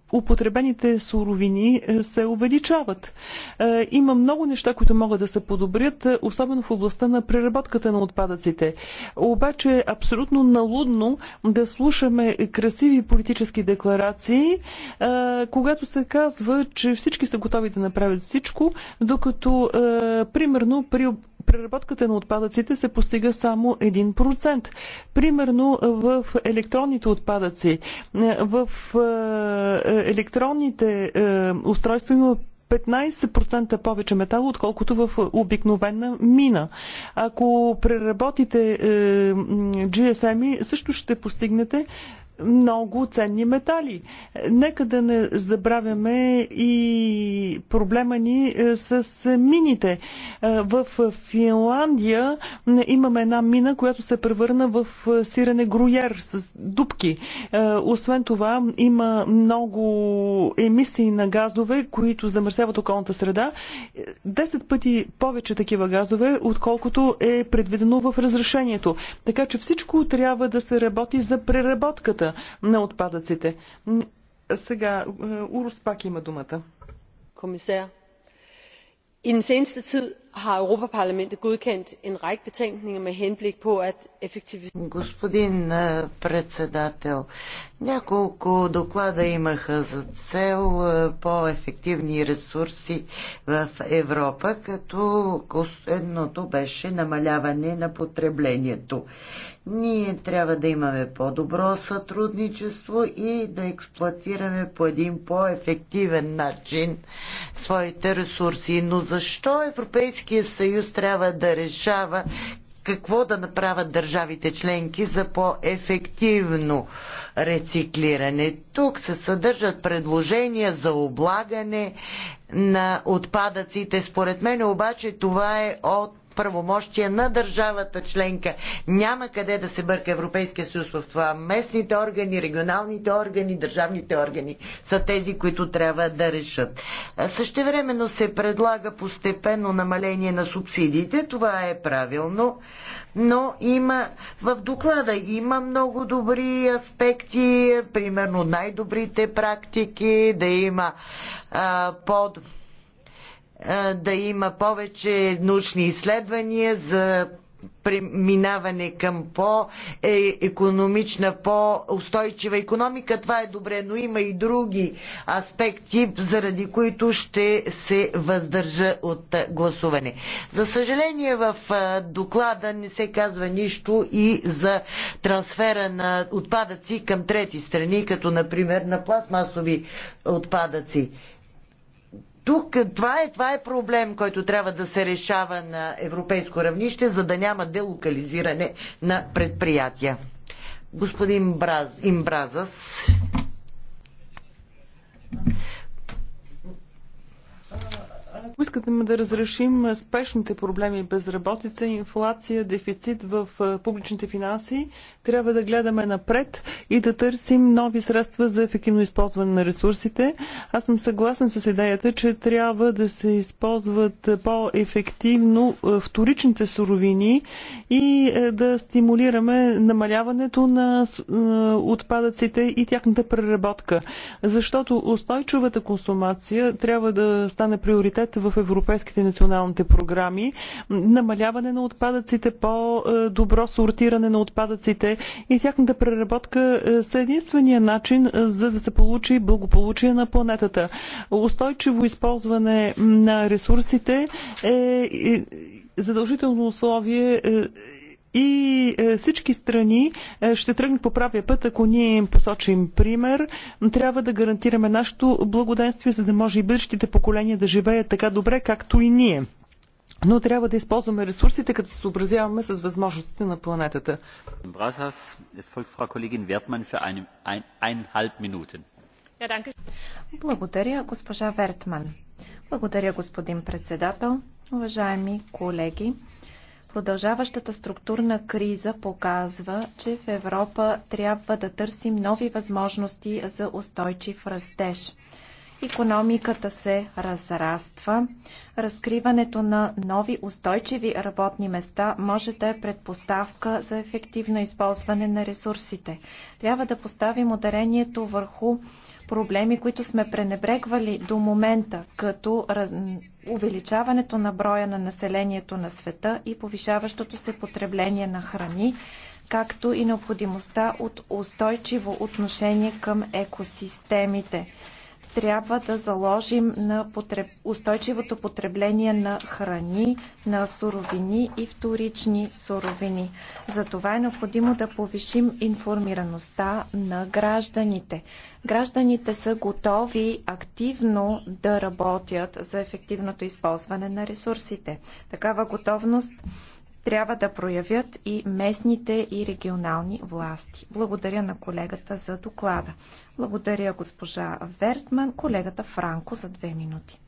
употребените суровини е, се увеличават. Е, има много неща, които могат да се подобрят, е, особено в областта на преработката на отпадъците. Обаче е абсолютно налудно да слушаме красиви политически декларации, когато се казва, че всички са готови да направят всичко, докато, примерно, при преработката на отпадъците се постига само 1%. Примерно в електронните отпадъци, в електронните е, устройства има 15% повече метал, отколкото в обикновена мина. Ако преработите е, GSM-и, също ще постигнете много ценни метали. Нека да не забравяме и проблема ни е, с мините. Е, в Финландия имаме една мина, която се превърна в е, сирене груяр с дубки. Освен това има много емисии на газове, които замърсяват околната среда. Десет пъти повече такива газове, отколкото е предвидено в разрешението. Така че всичко трябва да се работи за преработката на отпадъците. Сега е, Урус пак има думата. Комисар, i den seneste tid har europa parlamentet godkendt en række betænkninger med henblik på at effektivisere. Господин eh, председател, няколко доклада имаха за цел eh, по-ефективни ресурси в Европа, като едното беше намаляване на потреблението. Ние трябва да имаме по-добро сътрудничество и да експлуатираме по един по-ефективен начин своите ресурси. Но защо Европейски Европейския съюз трябва да решава какво да направят държавите членки за по-ефективно рециклиране. Тук се съдържат предложения за облагане на отпадъците. Според мен обаче това е от правомощия на държавата членка. Няма къде да се бърка Европейския съюз в това. Местните органи, регионалните органи, държавните органи са тези, които трябва да решат. Същевременно се предлага постепенно намаление на субсидиите. Това е правилно. Но има в доклада има много добри аспекти, примерно най-добрите практики, да има а, под да има повече научни изследвания за преминаване към по-економична, по-устойчива економика. Това е добре, но има и други аспекти, заради които ще се въздържа от гласуване. За съжаление в доклада не се казва нищо и за трансфера на отпадъци към трети страни, като например на пластмасови отпадъци тук това е, това е проблем, който трябва да се решава на европейско равнище, за да няма делокализиране на предприятия. Господин Браз, Имбразас. Ако искате да разрешим спешните проблеми безработица, инфлация, дефицит в публичните финанси, трябва да гледаме напред и да търсим нови средства за ефективно използване на ресурсите. Аз съм съгласен с идеята, че трябва да се използват по-ефективно е, вторичните суровини и е, да стимулираме намаляването на е, отпадъците и тяхната преработка. Защото устойчивата консумация трябва да стане приоритет в европейските националните програми. Намаляване на отпадъците, по-добро сортиране на отпадъците, и тяхната преработка е, са единствения начин е, за да се получи благополучие на планетата. Устойчиво използване на ресурсите е, е задължително условие и всички страни ще тръгнат по правия път, ако ние им посочим пример. Трябва да гарантираме нашето благоденствие, за да може и бъдещите поколения да живеят така добре, както и ние но трябва да използваме ресурсите, като се съобразяваме с възможностите на планетата. Е Благодаря, госпожа Вертман. Благодаря, господин председател. Уважаеми колеги, Продължаващата структурна криза показва, че в Европа трябва да търсим нови възможности за устойчив растеж. Економиката се разраства. Разкриването на нови устойчиви работни места може да е предпоставка за ефективно използване на ресурсите. Трябва да поставим ударението върху проблеми, които сме пренебрегвали до момента, като раз... увеличаването на броя на населението на света и повишаващото се потребление на храни, както и необходимостта от устойчиво отношение към екосистемите трябва да заложим на потреб... устойчивото потребление на храни, на суровини и вторични суровини. За това е необходимо да повишим информираността на гражданите. Гражданите са готови активно да работят за ефективното използване на ресурсите. Такава готовност трябва да проявят и местните и регионални власти. Благодаря на колегата за доклада. Благодаря госпожа Вертман, колегата Франко за две минути.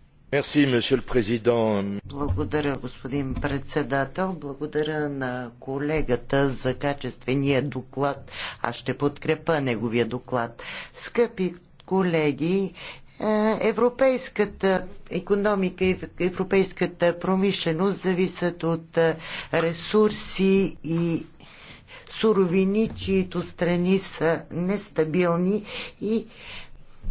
Благодаря, господин председател. Благодаря на колегата за качествения доклад. Аз ще подкрепа неговия доклад. Скъпи колеги, е, Европейската економика и европейската промишленост зависят от е, ресурси и суровини, чието страни са нестабилни и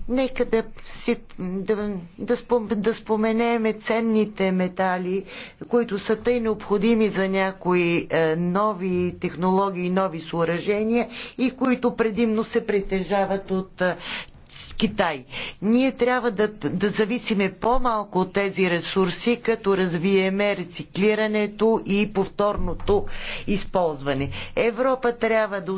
Нека да, си, да, да, спом, да споменеме ценните метали, които са тъй необходими за някои е, нови технологии, нови съоръжения и които предимно се притежават от е, с Китай. Ние трябва да, да зависиме по-малко от тези ресурси, като развиеме рециклирането и повторното използване. Европа трябва да,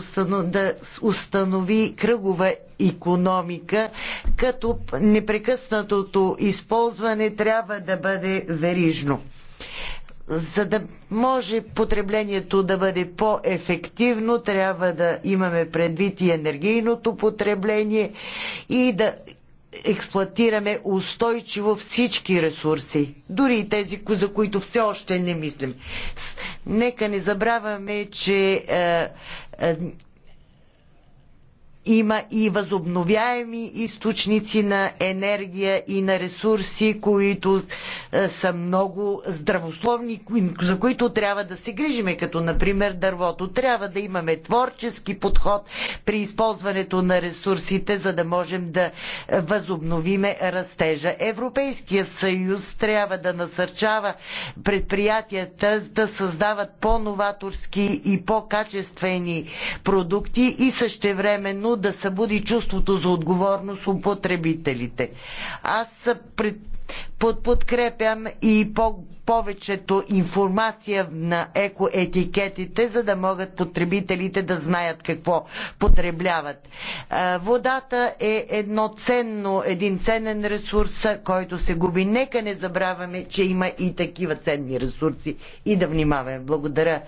да установи кръгова економика, като непрекъснатото използване трябва да бъде верижно за да може потреблението да бъде по-ефективно, трябва да имаме предвид и енергийното потребление и да експлоатираме устойчиво всички ресурси, дори и тези, за които все още не мислим. Нека не забравяме, че е, е, има и възобновяеми източници на енергия и на ресурси, които е, са много здравословни, за които трябва да се грижиме, като например дървото. Трябва да имаме творчески подход при използването на ресурсите, за да можем да е, възобновиме растежа. Европейския съюз трябва да насърчава предприятията да създават по-новаторски и по-качествени продукти и същевременно да събуди чувството за отговорност у потребителите. Аз пред под подкрепям и по- повечето информация на екоетикетите, за да могат потребителите да знаят какво потребляват. Водата е едно ценно, един ценен ресурс, който се губи. Нека не забравяме, че има и такива ценни ресурси и да внимаваме. Благодаря,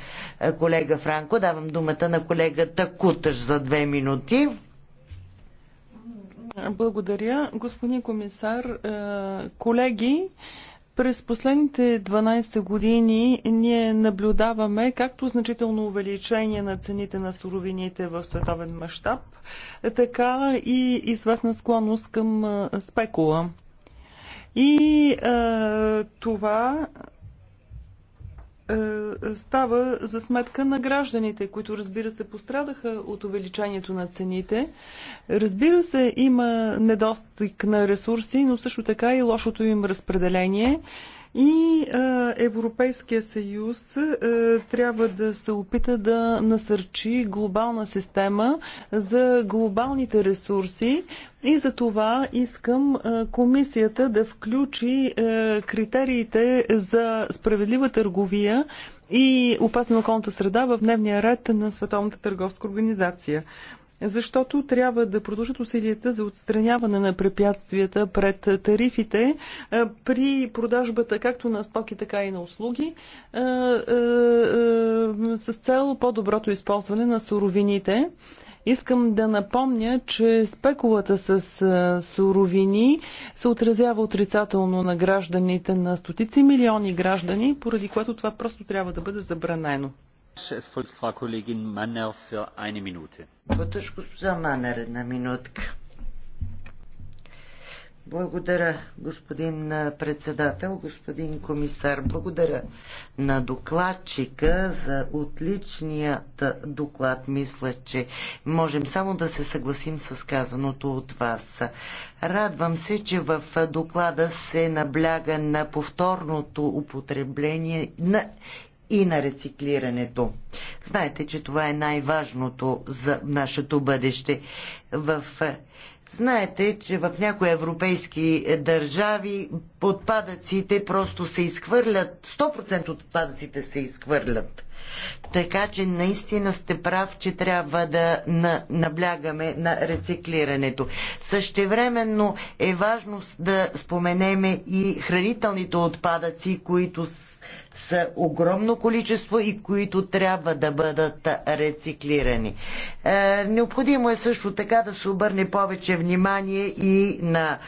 колега Франко. Давам думата на колегата Куташ за две минути. Благодаря. Господин комисар, е, колеги, през последните 12 години ние наблюдаваме както значително увеличение на цените на суровините в световен мащаб, така и известна склонност към е, спекула. И а, е, това е, е, става за сметка на гражданите, които разбира се пострадаха от увеличението на цените. Разбира се, има недостиг на ресурси, но също така и лошото им разпределение. И а, Европейския съюз а, трябва да се опита да насърчи глобална система за глобалните ресурси. И за това искам а, комисията да включи а, критериите за справедлива търговия и опасна околната среда в дневния ред на Световната търговска организация защото трябва да продължат усилията за отстраняване на препятствията пред тарифите е, при продажбата както на стоки, така и на услуги е, е, с цел по-доброто използване на суровините. Искам да напомня, че спекулата с суровини се отразява отрицателно на гражданите, на стотици милиони граждани, поради което това просто трябва да бъде забранено госпожа Манер една минутка. Благодаря, господин председател, господин комисар. Благодаря на докладчика за отличният доклад. Мисля, че можем само да се съгласим с казаното от вас. Радвам се, че в доклада се набляга на повторното употребление на и на рециклирането. Знаете, че това е най-важното за нашето бъдеще. В е, Знаете, че в някои европейски е, държави отпадъците просто се изхвърлят, 100% от отпадъците се изхвърлят. Така че наистина сте прав, че трябва да наблягаме на рециклирането. Същевременно е важно да споменеме и хранителните отпадъци, които са огромно количество и които трябва да бъдат рециклирани. Е, необходимо е също така да се обърне повече внимание и на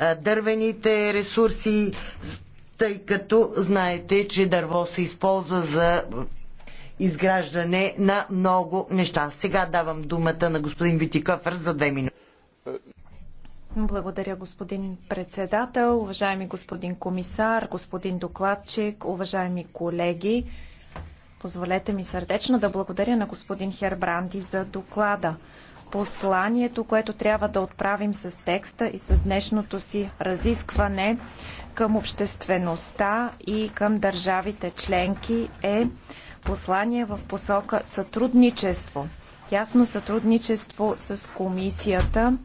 е, дървените ресурси, тъй като знаете, че дърво се използва за изграждане на много неща. Сега давам думата на господин Витикофър за две минути. Е, благодаря, господин председател, уважаеми господин комисар, господин докладчик, уважаеми колеги. Позволете ми сърдечно да благодаря на господин Хербранди за доклада. Посланието, което трябва да отправим с текста и с днешното си разискване към обществеността и към държавите членки е послание в посока сътрудничество. Ясно сътрудничество с комисията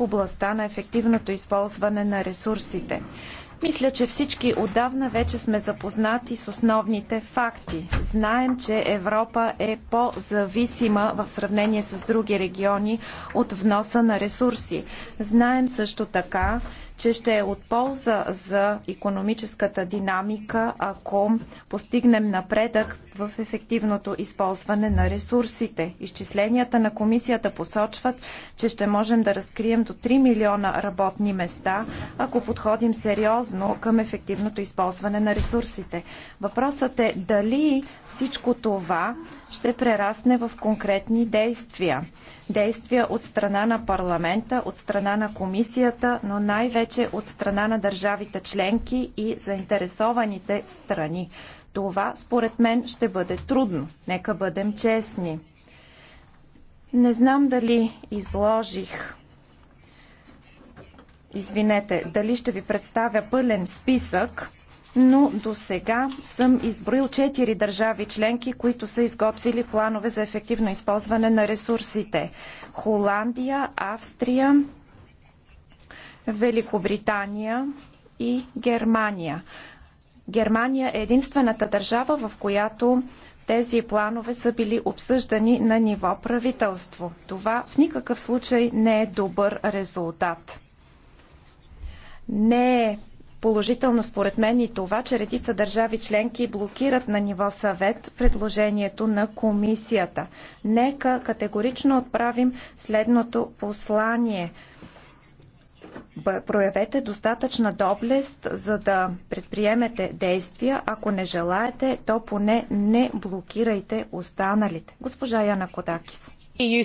областта на ефективното използване на ресурсите. Мисля, че всички отдавна вече сме запознати с основните факти. Знаем, че Европа е по-зависима в сравнение с други региони от вноса на ресурси. Знаем също така, че ще е от полза за економическата динамика, ако постигнем напредък в ефективното използване на ресурсите. Изчисленията на комисията посочват, че ще можем да разкрием до 3 милиона работни места, ако подходим сериозно към ефективното използване на ресурсите. Въпросът е дали всичко това ще прерасне в конкретни действия. Действия от страна на парламента, от страна на комисията, но най-вече от страна на държавите членки и заинтересованите страни. Това, според мен, ще бъде трудно. Нека бъдем честни. Не знам дали изложих Извинете, дали ще ви представя пълен списък но до сега съм изброил четири държави членки, които са изготвили планове за ефективно използване на ресурсите. Холандия, Австрия, Великобритания и Германия. Германия е единствената държава, в която тези планове са били обсъждани на ниво правителство. Това в никакъв случай не е добър резултат. Не е Положително според мен и това, че редица държави членки блокират на ниво съвет предложението на комисията. Нека категорично отправим следното послание проявете достатъчна доблест, за да предприемете действия. Ако не желаете, то поне не блокирайте останалите. Госпожа Яна Кодакис. E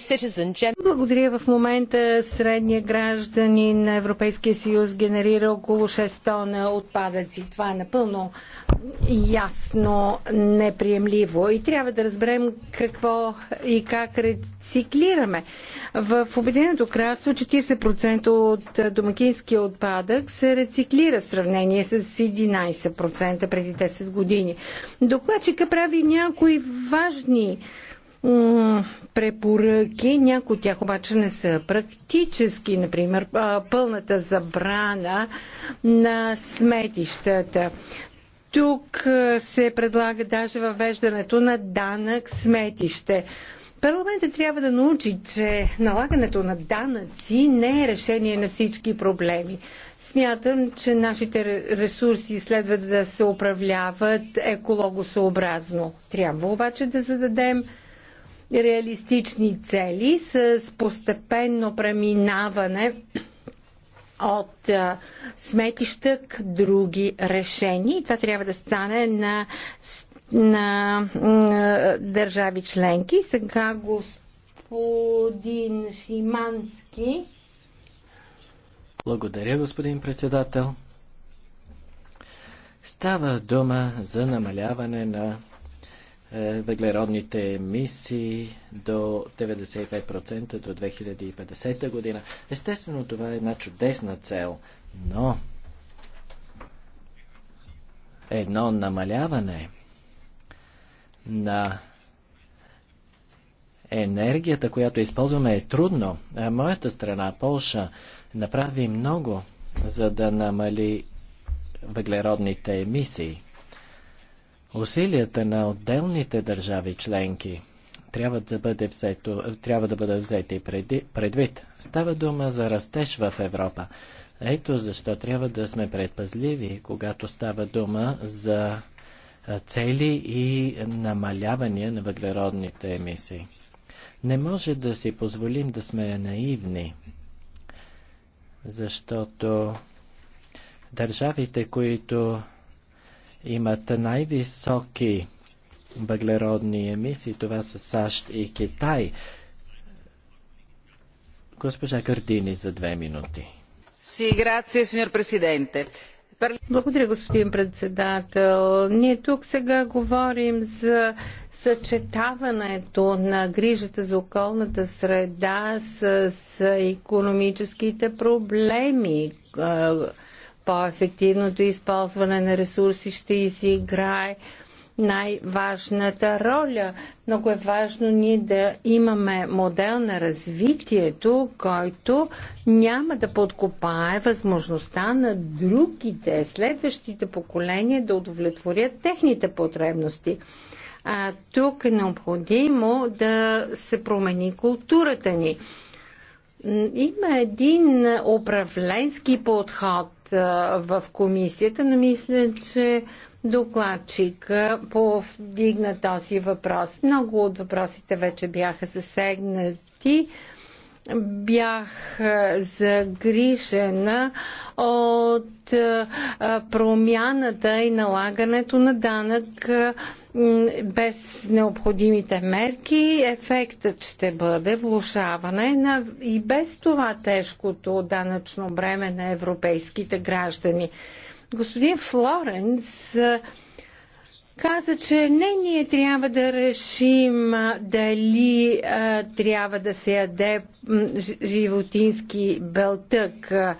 Благодаря. В момента средния гражданин на Европейския съюз генерира около 6 тона отпадъци. Това е напълно ясно неприемливо и трябва да разберем какво и как рециклираме. В Обединеното кралство 40% от домакинския отпадък се рециклира в сравнение с 11% преди 10 години. Докладчика прави някои важни препоръки, някои от тях обаче не са практически, например пълната забрана на сметищата. Тук се предлага даже въвеждането на данък сметище. Парламентът трябва да научи, че налагането на данъци не е решение на всички проблеми. Смятам, че нашите ресурси следва да се управляват екологосъобразно. Трябва обаче да зададем реалистични цели с постепенно преминаване от сметища к други решения. Това трябва да стане на, на, на държави членки. Сега господин Шимански. Благодаря, господин председател. Става дума за намаляване на е, въглеродните емисии до 95% до 2050 година. Естествено, това е една чудесна цел, но едно намаляване на енергията, която използваме, е трудно. Моята страна, Полша, направи много, за да намали въглеродните емисии усилията на отделните държави членки трябва да, бъде взето, трябва да бъдат взети преди, предвид. Става дума за растеж в Европа. Ето защо трябва да сме предпазливи, когато става дума за цели и намалявания на въглеродните емисии. Не може да си позволим да сме наивни, защото държавите, които имат най-високи въглеродни емисии. Това са САЩ и Китай. Госпожа Гардини за две минути. Благодаря, господин председател. Ние тук сега говорим за съчетаването на грижата за околната среда с економическите проблеми, по-ефективното използване на ресурси ще изиграе най-важната роля. Много е важно ние да имаме модел на развитието, който няма да подкопае възможността на другите, следващите поколения да удовлетворят техните потребности. А тук е необходимо да се промени културата ни. Има един управленски подход в комисията, но мисля, че докладчик повдигна този въпрос. Много от въпросите вече бяха засегнати. Бях загрижена от промяната и налагането на данък без необходимите мерки ефектът ще бъде влушаване на и без това тежкото данъчно бреме на европейските граждани. Господин Флоренс каза, че не ние трябва да решим дали а, трябва да се яде животински белтък. А,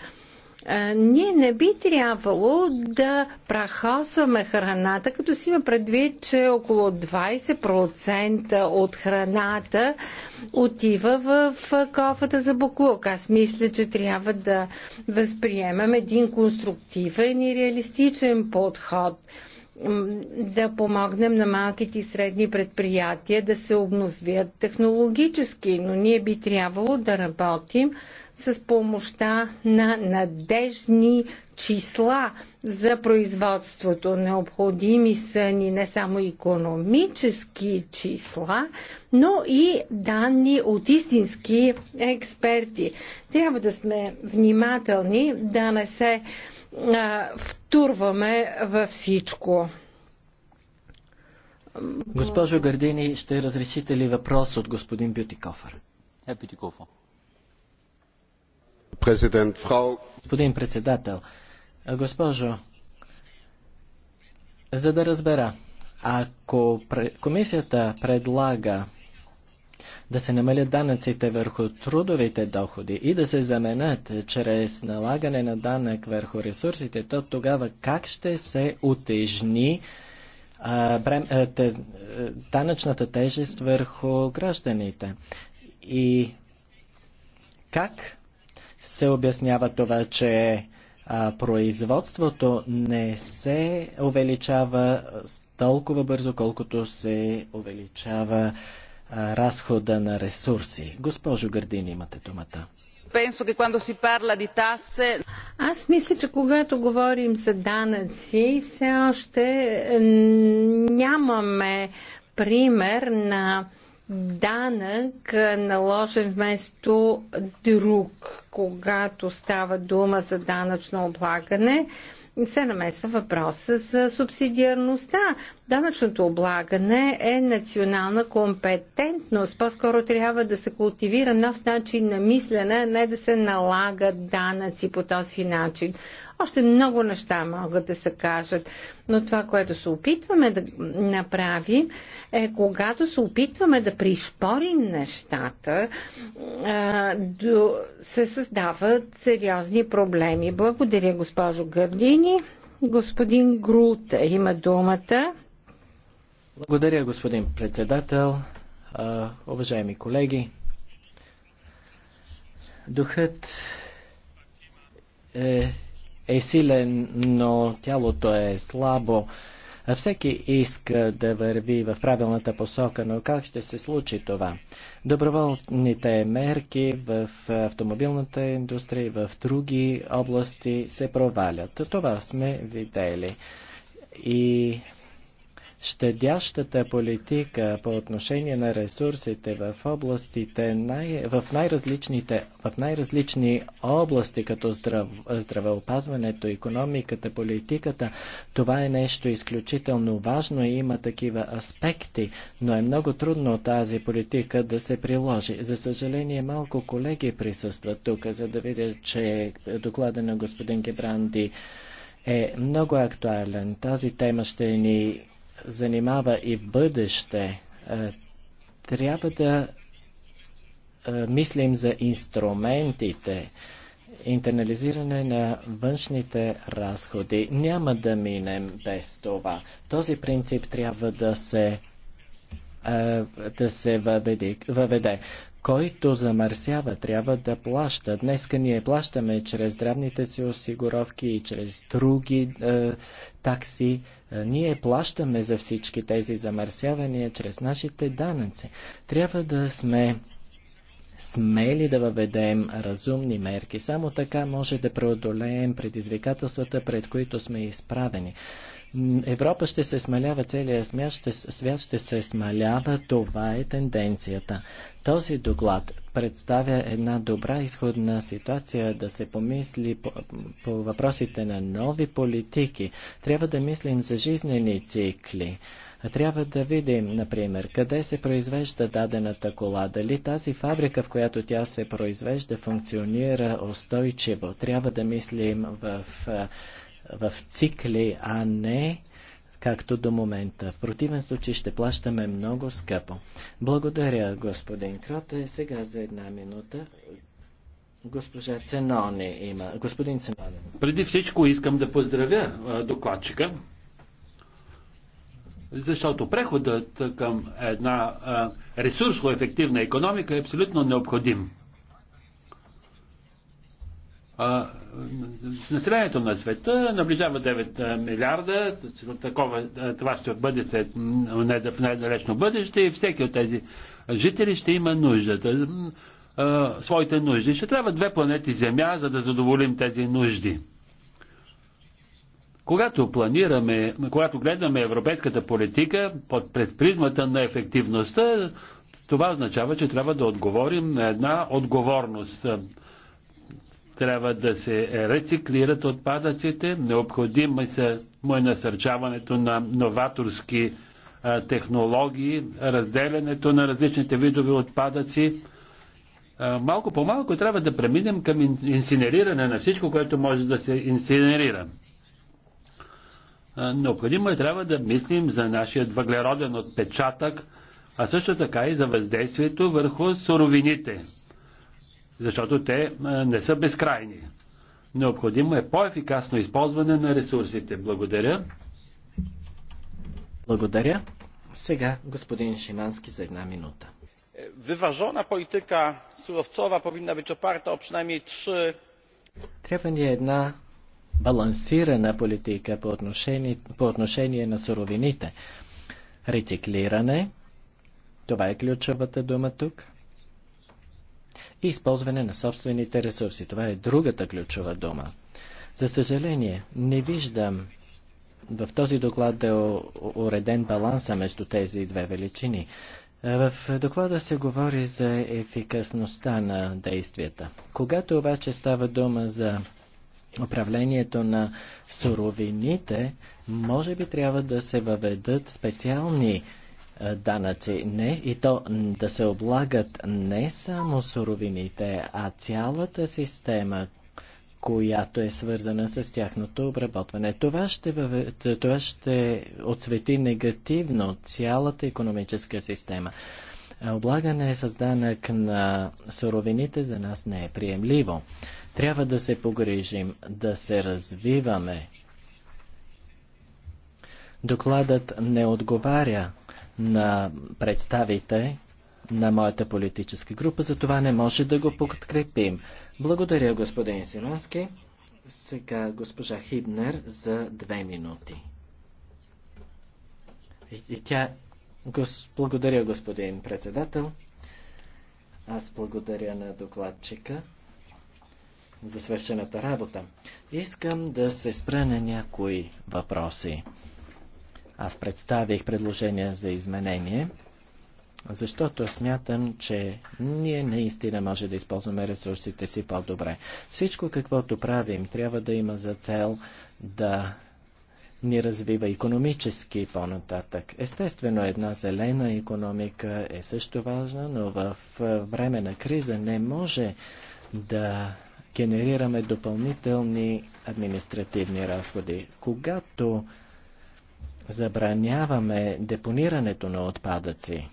ние не би трябвало да прахосваме храната, като си има предвид, че около 20% от храната отива в кофата за буклук. Аз мисля, че трябва да възприемем един конструктивен и реалистичен подход да помогнем на малките и средни предприятия да се обновят технологически, но ние би трябвало да работим с помощта на надежни числа за производството. Необходими са ни не само економически числа, но и данни от истински експерти. Трябва да сме внимателни, да не се а, втурваме във всичко. Госпожо Гардини, ще разрешите ли въпрос от господин Бютикофър? Е, Бютикофър. Президент, фрау... Господин председател, госпожо, за да разбера, ако комисията предлага да се намалят данъците върху трудовите доходи и да се заменят чрез налагане на данък върху ресурсите, то тогава как ще се отежни данъчната тежест върху гражданите? И как се обяснява това, че а, производството не се увеличава толкова бързо, колкото се увеличава а, разхода на ресурси. Госпожо Гърдин, имате думата. Аз мисля, че когато говорим за данъци, все още нямаме пример на данък наложен вместо друг, когато става дума за данъчно облагане, се намесва въпроса за субсидиарността. Данъчното облагане е национална компетентност. По-скоро трябва да се култивира нов начин на мислене, а не да се налагат данъци по този начин. Още много неща могат да се кажат, но това, което се опитваме да направим, е когато се опитваме да пришпорим нещата, се създават сериозни проблеми. Благодаря, госпожо Гърдини. Господин Грута има думата. Благодаря, господин председател. уважаеми колеги, духът е е силен, но тялото е слабо. Всеки иска да върви в правилната посока, но как ще се случи това? Доброволните мерки в автомобилната индустрия и в други области се провалят. Това сме видели. И щадящата политика по отношение на ресурсите в областите, най, в, най-различните, в най-различни области, като здрав, здравеопазването, економиката, политиката, това е нещо изключително важно и има такива аспекти, но е много трудно тази политика да се приложи. За съжаление, малко колеги присъстват тук, за да видят, че доклада на господин Гебранди е много актуален. Тази тема ще ни занимава и в бъдеще, е, трябва да е, мислим за инструментите. Интернализиране на външните разходи няма да минем без това. Този принцип трябва да се е, да се въведе който замърсява, трябва да плаща. Днеска ние плащаме чрез здравните си осигуровки и чрез други е, такси. Е, ние плащаме за всички тези замърсявания чрез нашите данъци. Трябва да сме смели да въведем разумни мерки. Само така може да преодолеем предизвикателствата, пред които сме изправени. Европа ще се смалява, целият свят ще, свят ще се смалява. Това е тенденцията. Този доклад представя една добра изходна ситуация да се помисли по, по въпросите на нови политики. Трябва да мислим за жизнени цикли. Трябва да видим, например, къде се произвежда дадената кола, дали тази фабрика, в която тя се произвежда, функционира устойчиво. Трябва да мислим в в цикли, а не както до момента. В противен случай ще плащаме много скъпо. Благодаря, господин Кроте. Сега за една минута госпожа Ценони има. Господин Ценони. Преди всичко искам да поздравя докладчика, защото преходът към една ресурсно ефективна економика е абсолютно необходим. А, населението на света наближава 9 милиарда, такова, това ще бъде след, в най-далечно бъдеще и всеки от тези жители ще има нужда, а, своите нужди. Ще трябва две планети Земя, за да задоволим тези нужди. Когато планираме, когато гледаме европейската политика под, през призмата на ефективността, това означава, че трябва да отговорим на една отговорност. Трябва да се рециклират отпадъците, необходимо са му е насърчаването на новаторски а, технологии, разделянето на различните видове отпадъци. А, малко по малко трябва да преминем към инсинериране на всичко, което може да се инсинерира. А, необходимо е трябва да мислим за нашия въглероден отпечатък, а също така и за въздействието върху суровините защото те не са безкрайни. Необходимо е по-ефикасно използване на ресурсите. Благодаря. Благодаря. Сега господин Шимански за една минута. Wyważona polityka surowcowa powinna być oparta o przynajmniej Трябва ни една балансирана политика по отношение, по отношение на суровините. Рециклиране, това е ключовата дума тук и използване на собствените ресурси. Това е другата ключова дума. За съжаление, не виждам в този доклад да е уреден баланса между тези две величини. В доклада се говори за ефикасността на действията. Когато обаче става дума за управлението на суровините, може би трябва да се въведат специални е, данъци. Не, и то да се облагат не само суровините, а цялата система, която е свързана с тяхното обработване. Това ще, във... това ще отсвети негативно цялата економическа система. Е, облагане с данък на суровините за нас не е приемливо. Трябва да се погрижим, да се развиваме. Докладът не отговаря на представите на моята политическа група, за това не може да го подкрепим. Благодаря, господин Сиронски. Сега госпожа Хибнер за две минути. И, и тя... Гос... Благодаря, господин председател. Аз благодаря на докладчика за свършената работа. Искам да се спра на някои въпроси. Аз представих предложения за изменение, защото смятам, че ние наистина може да използваме ресурсите си по-добре. Всичко, каквото правим, трябва да има за цел да ни развива економически по-нататък. Естествено, една зелена економика е също важна, но в време на криза не може да генерираме допълнителни административни разходи. Когато забраняваме депонирането на отпадъци,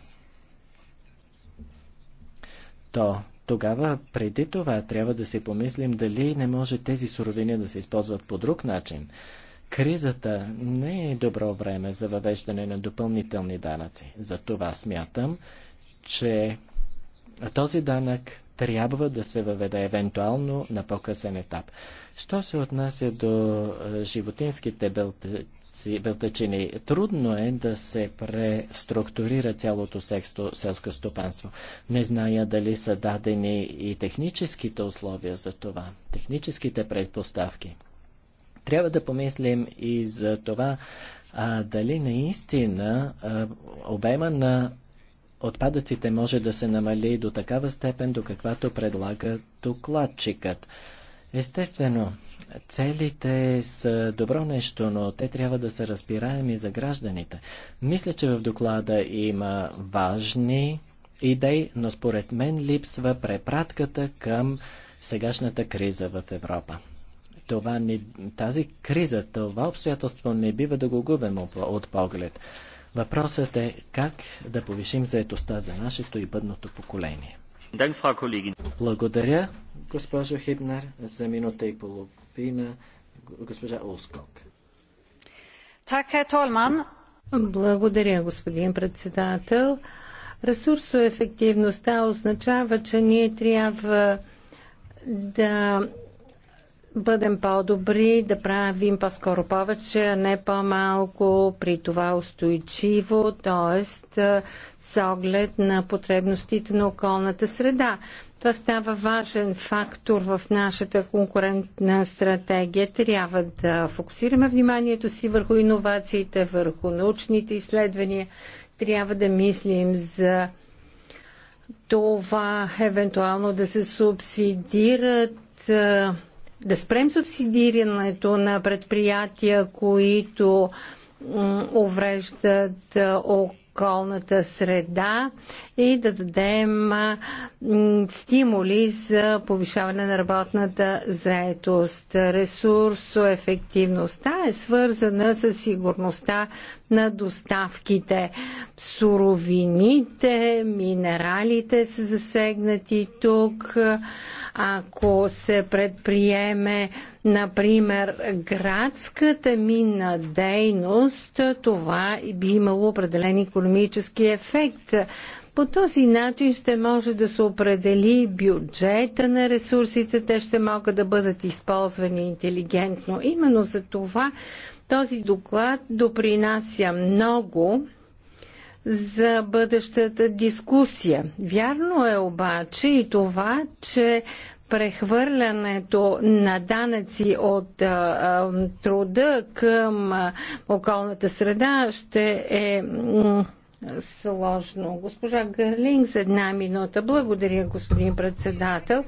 то тогава преди това трябва да си помислим дали не може тези суровини да се използват по друг начин. Кризата не е добро време за въвеждане на допълнителни данъци. Затова смятам, че този данък трябва да се въведе евентуално на по-късен етап. Що се отнася до е, животинските белтъци, белтъчини. Трудно е да се преструктурира цялото селско стопанство. Не зная дали са дадени и техническите условия за това, техническите предпоставки. Трябва да помислим и за това, а, дали наистина а, обема на отпадъците може да се намали до такава степен, до каквато предлага докладчикът. Естествено, Целите са добро нещо, но те трябва да са разбираеми за гражданите. Мисля, че в доклада има важни идеи, но според мен липсва препратката към сегашната криза в Европа. Това не, тази криза, това обстоятелство не бива да го губим от поглед. Въпросът е как да повишим заетостта за нашето и бъдното поколение. Благодаря, госпожо Хибнер, за минута и половина госпожа Олскок. Толман. Благодаря, господин председател. Ресурсоефективността означава, че ние трябва да бъдем по-добри, да правим по-скоро повече, а не по-малко, при това устойчиво, т.е. с оглед на потребностите на околната среда. Това става важен фактор в нашата конкурентна стратегия. Трябва да фокусираме вниманието си върху иновациите, върху научните изследвания. Трябва да мислим за това евентуално да се субсидират, да спрем субсидирането на предприятия, които увреждат околната околната среда и да дадем стимули за повишаване на работната заетост. Ресурсоефективността е свързана с сигурността на доставките. Суровините, минералите са засегнати тук. Ако се предприеме, например, градската минна дейност, това би имало определен економически ефект. По този начин ще може да се определи бюджета на ресурсите, те ще могат да бъдат използвани интелигентно. Именно за това този доклад допринася много за бъдещата дискусия. Вярно е обаче и това, че прехвърлянето на данъци от а, а, труда към а, околната среда ще е сложно. Госпожа Гърлинг за една минута. Благодаря, господин председател.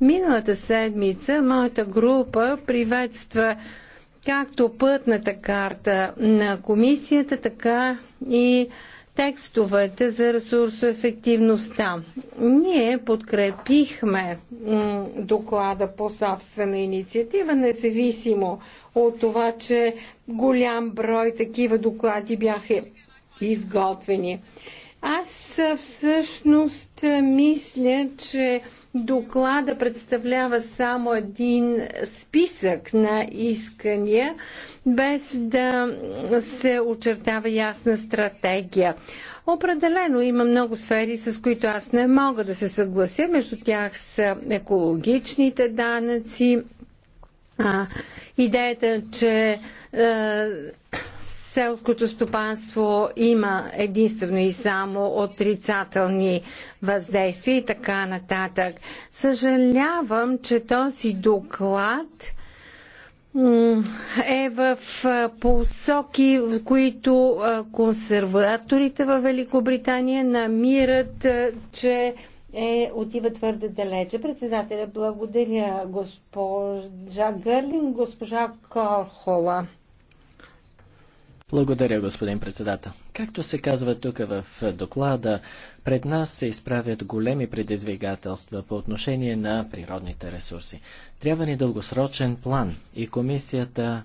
Миналата седмица моята група приветства както пътната карта на комисията, така и текстовете за ресурсоефективността. Ние подкрепихме доклада по собствена инициатива, независимо от това, че голям брой такива доклади бяха изготвени. Аз всъщност мисля, че доклада представлява само един списък на искания, без да се очертава ясна стратегия. Определено има много сфери, с които аз не мога да се съглася. Между тях са екологичните данъци, а, идеята, че а, е, селското стопанство има единствено и само отрицателни въздействия и така нататък. Съжалявам, че този доклад е в посоки, в които консерваторите в Великобритания намират, че е, отива твърде далече. Председателя, благодаря госпожа Гърлин, госпожа Корхола. Благодаря, господин председател. Както се казва тук в доклада, пред нас се изправят големи предизвикателства по отношение на природните ресурси. Трябва ни дългосрочен план и комисията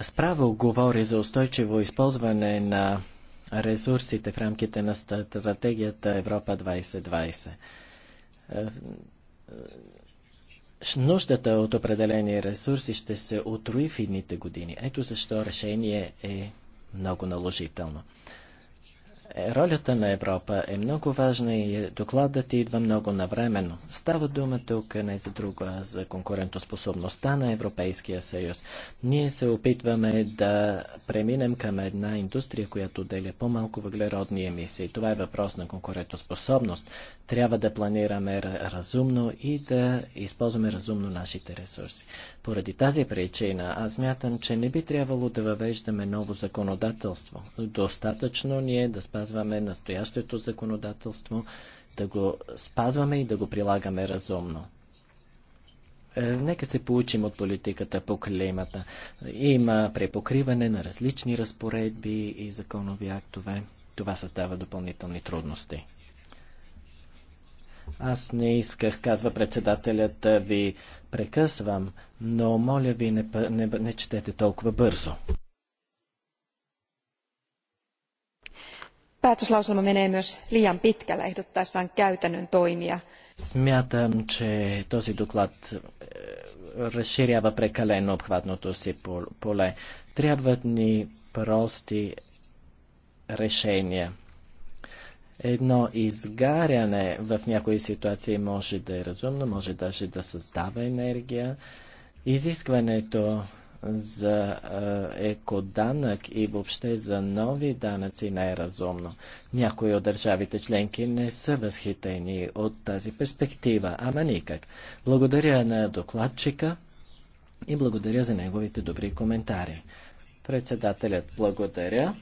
справо говори за устойчиво използване на ресурсите в рамките на стратегията Европа 2020 нуждата от определени ресурси ще се отрои в едните години. Ето защо решение е много наложително. Ролята на Европа е много важна и докладът идва много навременно. Става дума тук не за друго, а за конкурентоспособността на Европейския съюз. Ние се опитваме да преминем към една индустрия, която деля по-малко въглеродни емисии. Това е въпрос на конкурентоспособност. Трябва да планираме разумно и да използваме разумно нашите ресурси. Поради тази причина аз мятам, че не би трябвало да въвеждаме ново законодателство. Достатъчно ни е да спазваме спазваме настоящето законодателство, да го спазваме и да го прилагаме разумно. Е, нека се получим от политиката по климата. Има препокриване на различни разпоредби и законови актове. Това създава допълнителни трудности. Аз не исках, казва председателят, да ви прекъсвам, но моля ви не, не, не четете толкова бързо. Päätöslauselma menee myös liian pitkälle ehdottaessaan käytännön toimia. Смятам, че този доклад е, разширява прекалено обхватното си поле. Трябват ни прости решения. Едно изгаряне в някои ситуации може да е разумно, може даже да създава енергия. Изискването за е, екоданък и въобще за нови данъци не е разумно. Някои от държавите членки не са възхитени от тази перспектива, ама никак. Благодаря на докладчика и благодаря за неговите добри коментари. Председателят благодаря.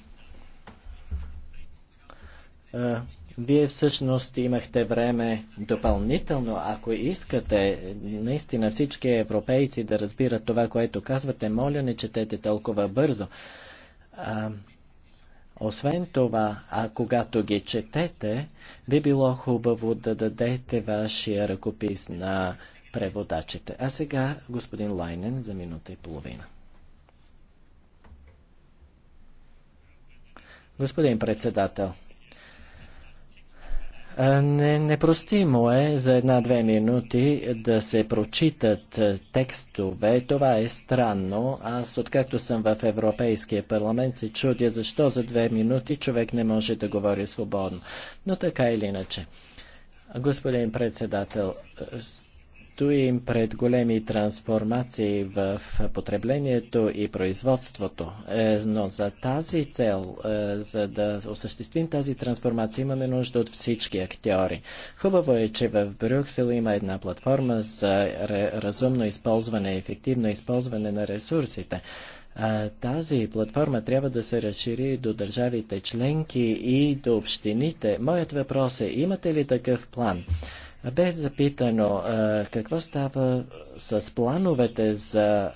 Е, вие всъщност имахте време допълнително. Ако искате наистина всички европейци да разбират това, което казвате, моля не четете толкова бързо. А, освен това, а когато ги четете, би било хубаво да дадете вашия ръкопис на преводачите. А сега господин Лайнен за минута и половина. Господин председател, не, непростимо е за една-две минути да се прочитат текстове. Това е странно. Аз, откакто съм в Европейския парламент, се чудя защо за две минути човек не може да говори свободно. Но така или иначе. Господин председател, стоим пред големи трансформации в потреблението и производството. Е, но за тази цел, е, за да осъществим тази трансформация, имаме нужда от всички актьори. Хубаво е, че в Брюксел има една платформа за разумно използване и ефективно използване на ресурсите. Е, тази платформа трябва да се разшири до държавите членки и до общините. Моят въпрос е, имате ли такъв план? Бе запитано какво става с плановете за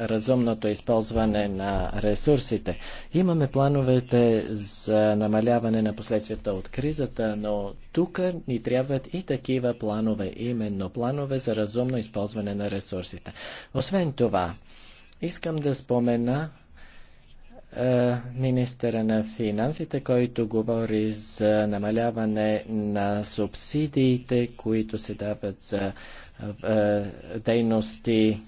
разумното използване на ресурсите. Имаме плановете за намаляване на последствията от кризата, но тук ни трябват и такива планове, именно планове за разумно използване на ресурсите. Освен това, искам да спомена е, министъра на финансите, който говори за намаляване на субсидиите, които се дават за е, дейности,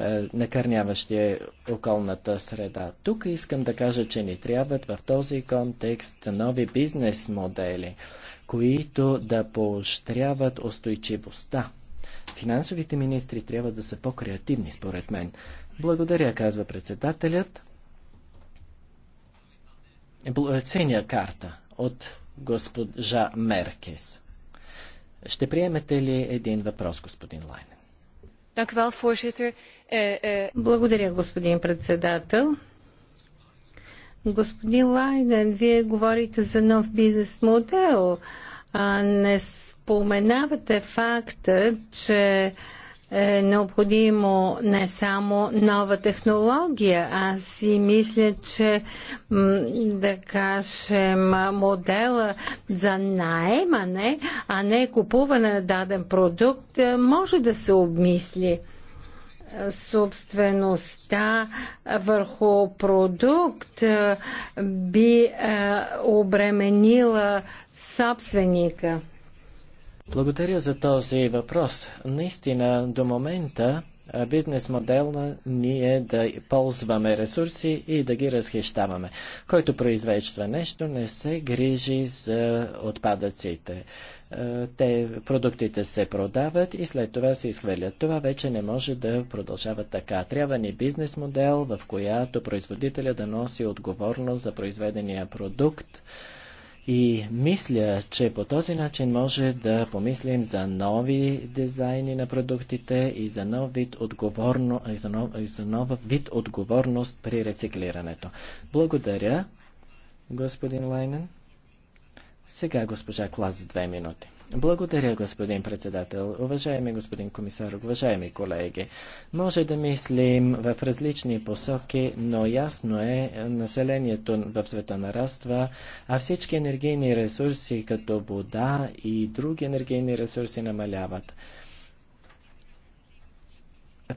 е, накърняващи околната среда. Тук искам да кажа, че ни трябват в този контекст нови бизнес модели, които да поощряват устойчивостта. Финансовите министри трябва да са по-креативни, според мен. Благодаря, казва председателят синя е, е, карта от госпожа Меркес. Ще приемете ли един въпрос, господин Лайнен? Е, Благодаря, господин председател. Господин Лайнен, вие говорите за нов бизнес модел. А не споменавате факта, че е необходимо не само нова технология, а си мисля, че да кажем модела за найемане, а не купуване на даден продукт, е, може да се обмисли собствеността върху продукт е, би е, обременила собственика. Благодаря за този въпрос. Наистина, до момента бизнес модела ни е да ползваме ресурси и да ги разхищаваме. Който произвежда нещо, не се грижи за отпадъците. Те, продуктите се продават и след това се изхвърлят. Това вече не може да продължава така. Трябва ни бизнес модел, в която производителя да носи отговорност за произведения продукт и мисля, че по този начин може да помислим за нови дизайни на продуктите и за нов вид, отговорно, и за нов, и за нов вид отговорност при рециклирането. Благодаря, господин Лайнен. Сега госпожа Клас две минути. Благодаря, господин председател. Уважаеми господин комисар, уважаеми колеги, може да мислим в различни посоки, но ясно е, населението в света нараства, а всички енергийни ресурси, като вода и други енергийни ресурси намаляват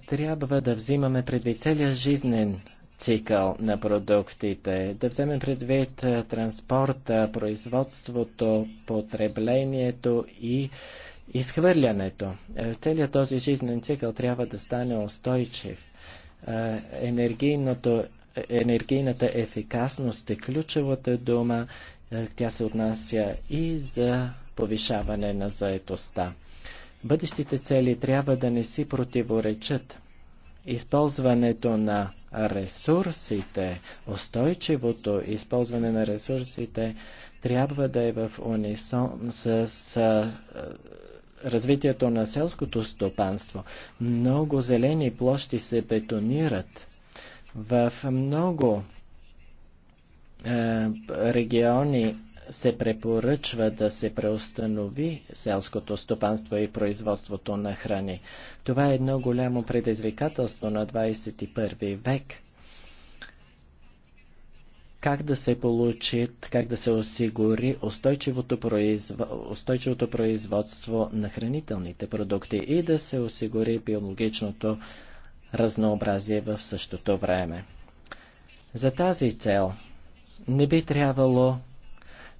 трябва да взимаме предвид целия жизнен цикъл на продуктите. Да вземем предвид е, транспорта, производството, потреблението и изхвърлянето. Е, целият този жизнен цикъл трябва да стане устойчив. Е, енергийното, енергийната ефикасност е ключовата дума. Тя се отнася и за повишаване на заетостта. Бъдещите цели трябва да не си противоречат. Използването на ресурсите, устойчивото използване на ресурсите трябва да е в унисон с, с развитието на селското стопанство. Много зелени площи се бетонират. В много а, е, региони се препоръчва да се преустанови селското стопанство и производството на храни. Това е едно голямо предизвикателство на 21 век. Как да се получи, как да се осигури устойчивото, произво, устойчивото производство на хранителните продукти и да се осигури биологичното разнообразие в същото време. За тази цел не би трябвало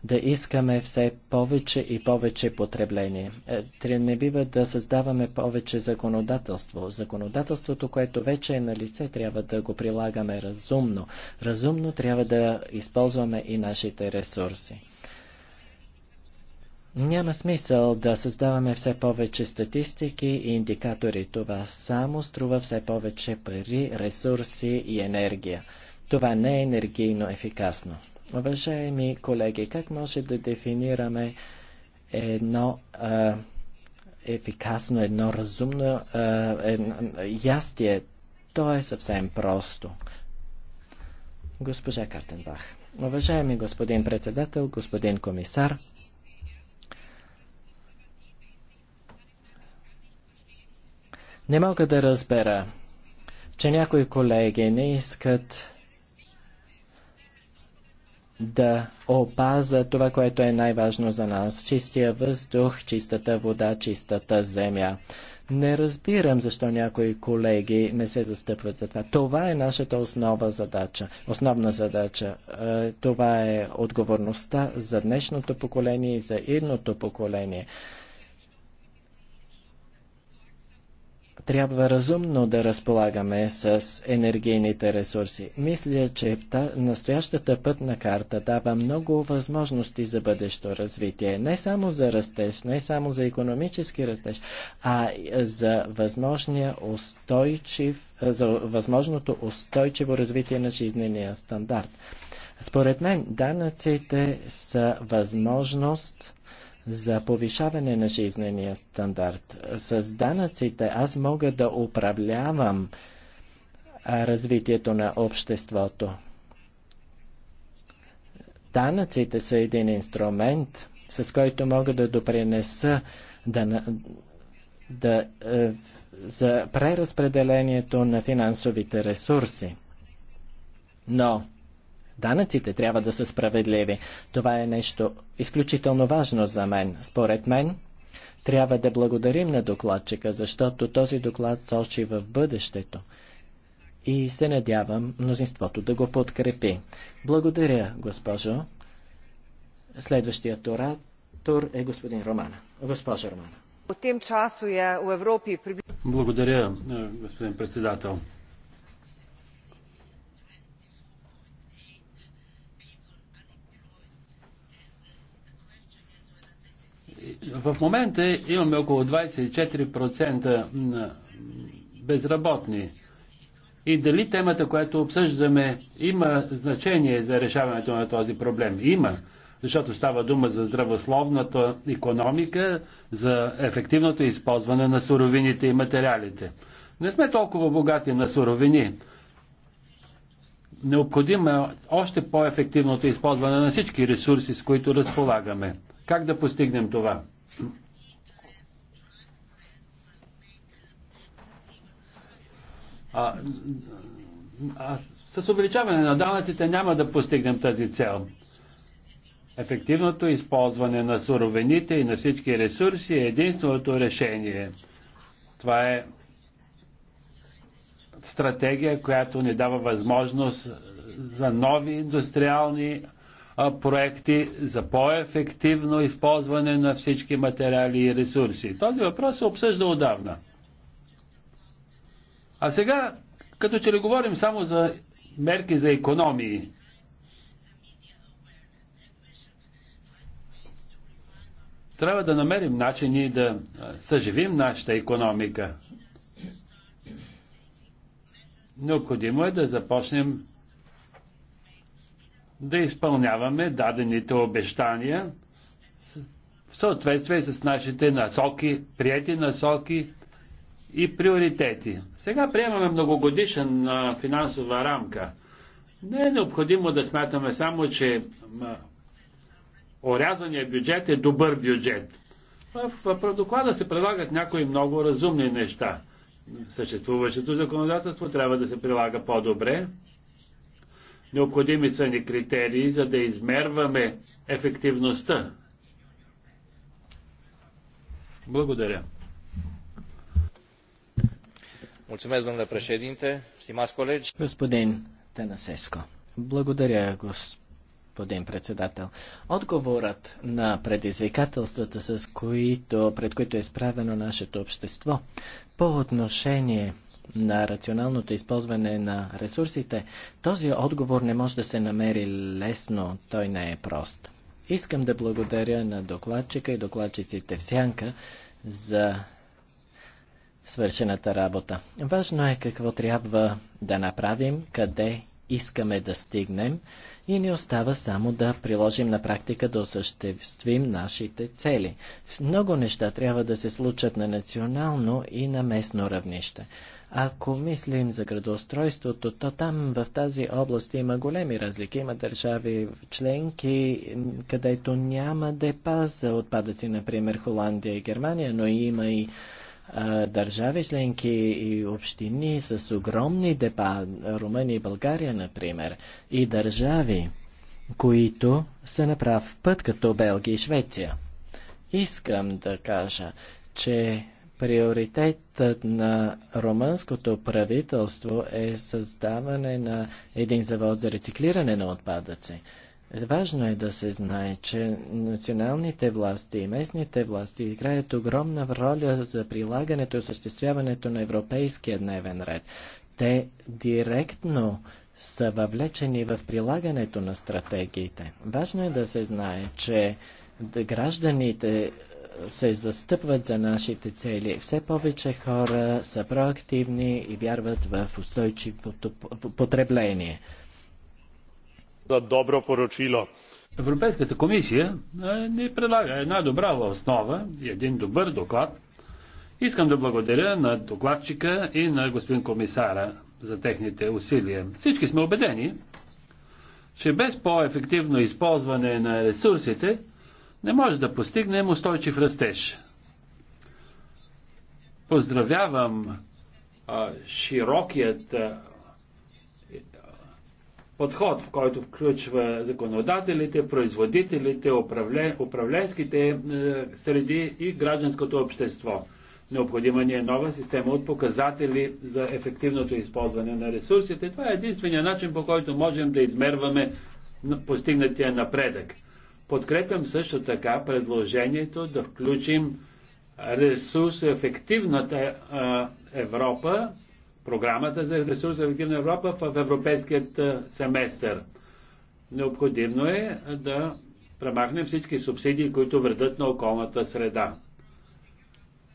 да искаме все повече и повече потребление. Е, не бива да създаваме повече законодателство. Законодателството, което вече е на лице, трябва да го прилагаме разумно. Разумно трябва да използваме и нашите ресурси. Няма смисъл да създаваме все повече статистики и индикатори. Това само струва все повече пари, ресурси и енергия. Това не е енергийно ефикасно. Уважаеми колеги, как може да дефинираме едно а, ефикасно, едно разумно а, едно, ястие? То е съвсем просто. Госпожа Картенбах. Уважаеми господин председател, господин комисар, не мога да разбера, че някои колеги не искат да опаза това, което е най-важно за нас – чистия въздух, чистата вода, чистата земя. Не разбирам защо някои колеги не се застъпват за това. Това е нашата основа задача, основна задача. Е, това е отговорността за днешното поколение и за идното поколение. трябва разумно да разполагаме с енергийните ресурси. Мисля, че та, настоящата пътна карта дава много възможности за бъдещо развитие. Не само за растеж, не само за економически растеж, а за възможния устойчив, за възможното устойчиво развитие на жизнения стандарт. Според мен, данъците са възможност за повишаване на жизнения стандарт. С данъците аз мога да управлявам развитието на обществото. Данъците са един инструмент, с който мога да допринеса да, да, е, за преразпределението на финансовите ресурси. Но Данъците трябва да са справедливи. Това е нещо изключително важно за мен. Според мен, трябва да благодарим на докладчика, защото този доклад сочи в бъдещето. И се надявам мнозинството да го подкрепи. Благодаря, госпожо. Следващият оратор е господин Романа. Госпожа Романа. Благодаря, господин председател. в момента имаме около 24% на безработни. И дали темата, която обсъждаме, има значение за решаването на този проблем? Има, защото става дума за здравословната економика, за ефективното използване на суровините и материалите. Не сме толкова богати на суровини. Необходимо е още по-ефективното използване на всички ресурси, с които разполагаме. Как да постигнем това? А, а с увеличаване на данъците няма да постигнем тази цел. Ефективното използване на суровините и на всички ресурси е единственото решение. Това е стратегия, която ни дава възможност за нови индустриални проекти за по-ефективно използване на всички материали и ресурси. Този въпрос се обсъжда отдавна. А сега, като че ли говорим само за мерки за економии, трябва да намерим начини да съживим нашата економика. Необходимо е да започнем да изпълняваме дадените обещания в съответствие с нашите насоки, прияти насоки и приоритети. Сега приемаме многогодишен финансова рамка. Не е необходимо да смятаме само, че орязания бюджет е добър бюджет. В, в доклада се предлагат някои много разумни неща. Съществуващото законодателство трябва да се прилага по-добре. Необходими са ни критерии, за да измерваме ефективността. Благодаря. Mulțumesc, domnule președinte, stimați colegi. Господин Тенасеско, благодаря, господин председател. Отговорът на предизвикателствата, с които, пред които е изправено нашето общество, по отношение на рационалното използване на ресурсите, този отговор не може да се намери лесно, той не е прост. Искам да благодаря на докладчика и докладчиците в Сянка за свършената работа. Важно е какво трябва да направим, къде искаме да стигнем и ни остава само да приложим на практика да осъществим нашите цели. Много неща трябва да се случат на национално и на местно равнище. Ако мислим за градоустройството, то там в тази област има големи разлики. Има държави членки, където няма депа за отпадъци, например Холандия и Германия, но има и държави членки и общини с огромни депа, Румъния и България, например, и държави, които са на прав път, като Белгия и Швеция. Искам да кажа, че Приоритетът на румънското правителство е създаване на един завод за рециклиране на отпадъци. Важно е да се знае, че националните власти и местните власти играят огромна роля за прилагането и осъществяването на европейския дневен ред. Те директно са въвлечени в прилагането на стратегиите. Важно е да се знае, че гражданите се застъпват за нашите цели. Все повече хора са проактивни и вярват в устойчивото потребление. За добро поручило. Европейската комисия ни предлага една добра основа и един добър доклад. Искам да благодаря на докладчика и на господин комисара за техните усилия. Всички сме убедени, че без по-ефективно използване на ресурсите – не може да постигнем устойчив растеж. Поздравявам а, широкият а, подход, в който включва законодателите, производителите, управлен, управленските а, среди и гражданското общество. Необходима ни е нова система от показатели за ефективното използване на ресурсите. Това е единствения начин, по който можем да измерваме постигнатия напредък. Подкрепям също така предложението да включим ресурсоефективната Европа, програмата за ресурсоефективна Европа в европейският семестър. Необходимо е да премахнем всички субсидии, които вредят на околната среда.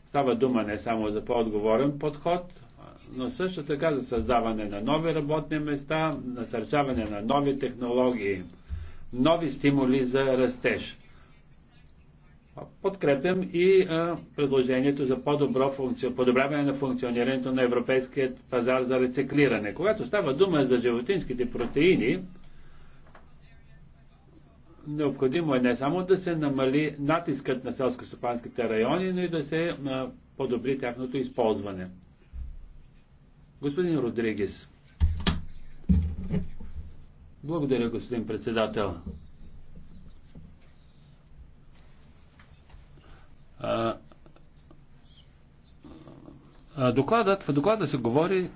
Става дума не само за по-отговорен подход, но също така за създаване на нови работни места, насърчаване на нови технологии – нови стимули за растеж. Подкрепям и предложението за по-добро функци... подобряване на функционирането на европейският пазар за рециклиране. Когато става дума за животинските протеини, необходимо е не само да се намали натискът на селско-стопанските райони, но и да се подобри тяхното използване. Господин Родригес. Благодаря, господин председател. А, а, докладът, в доклада се говори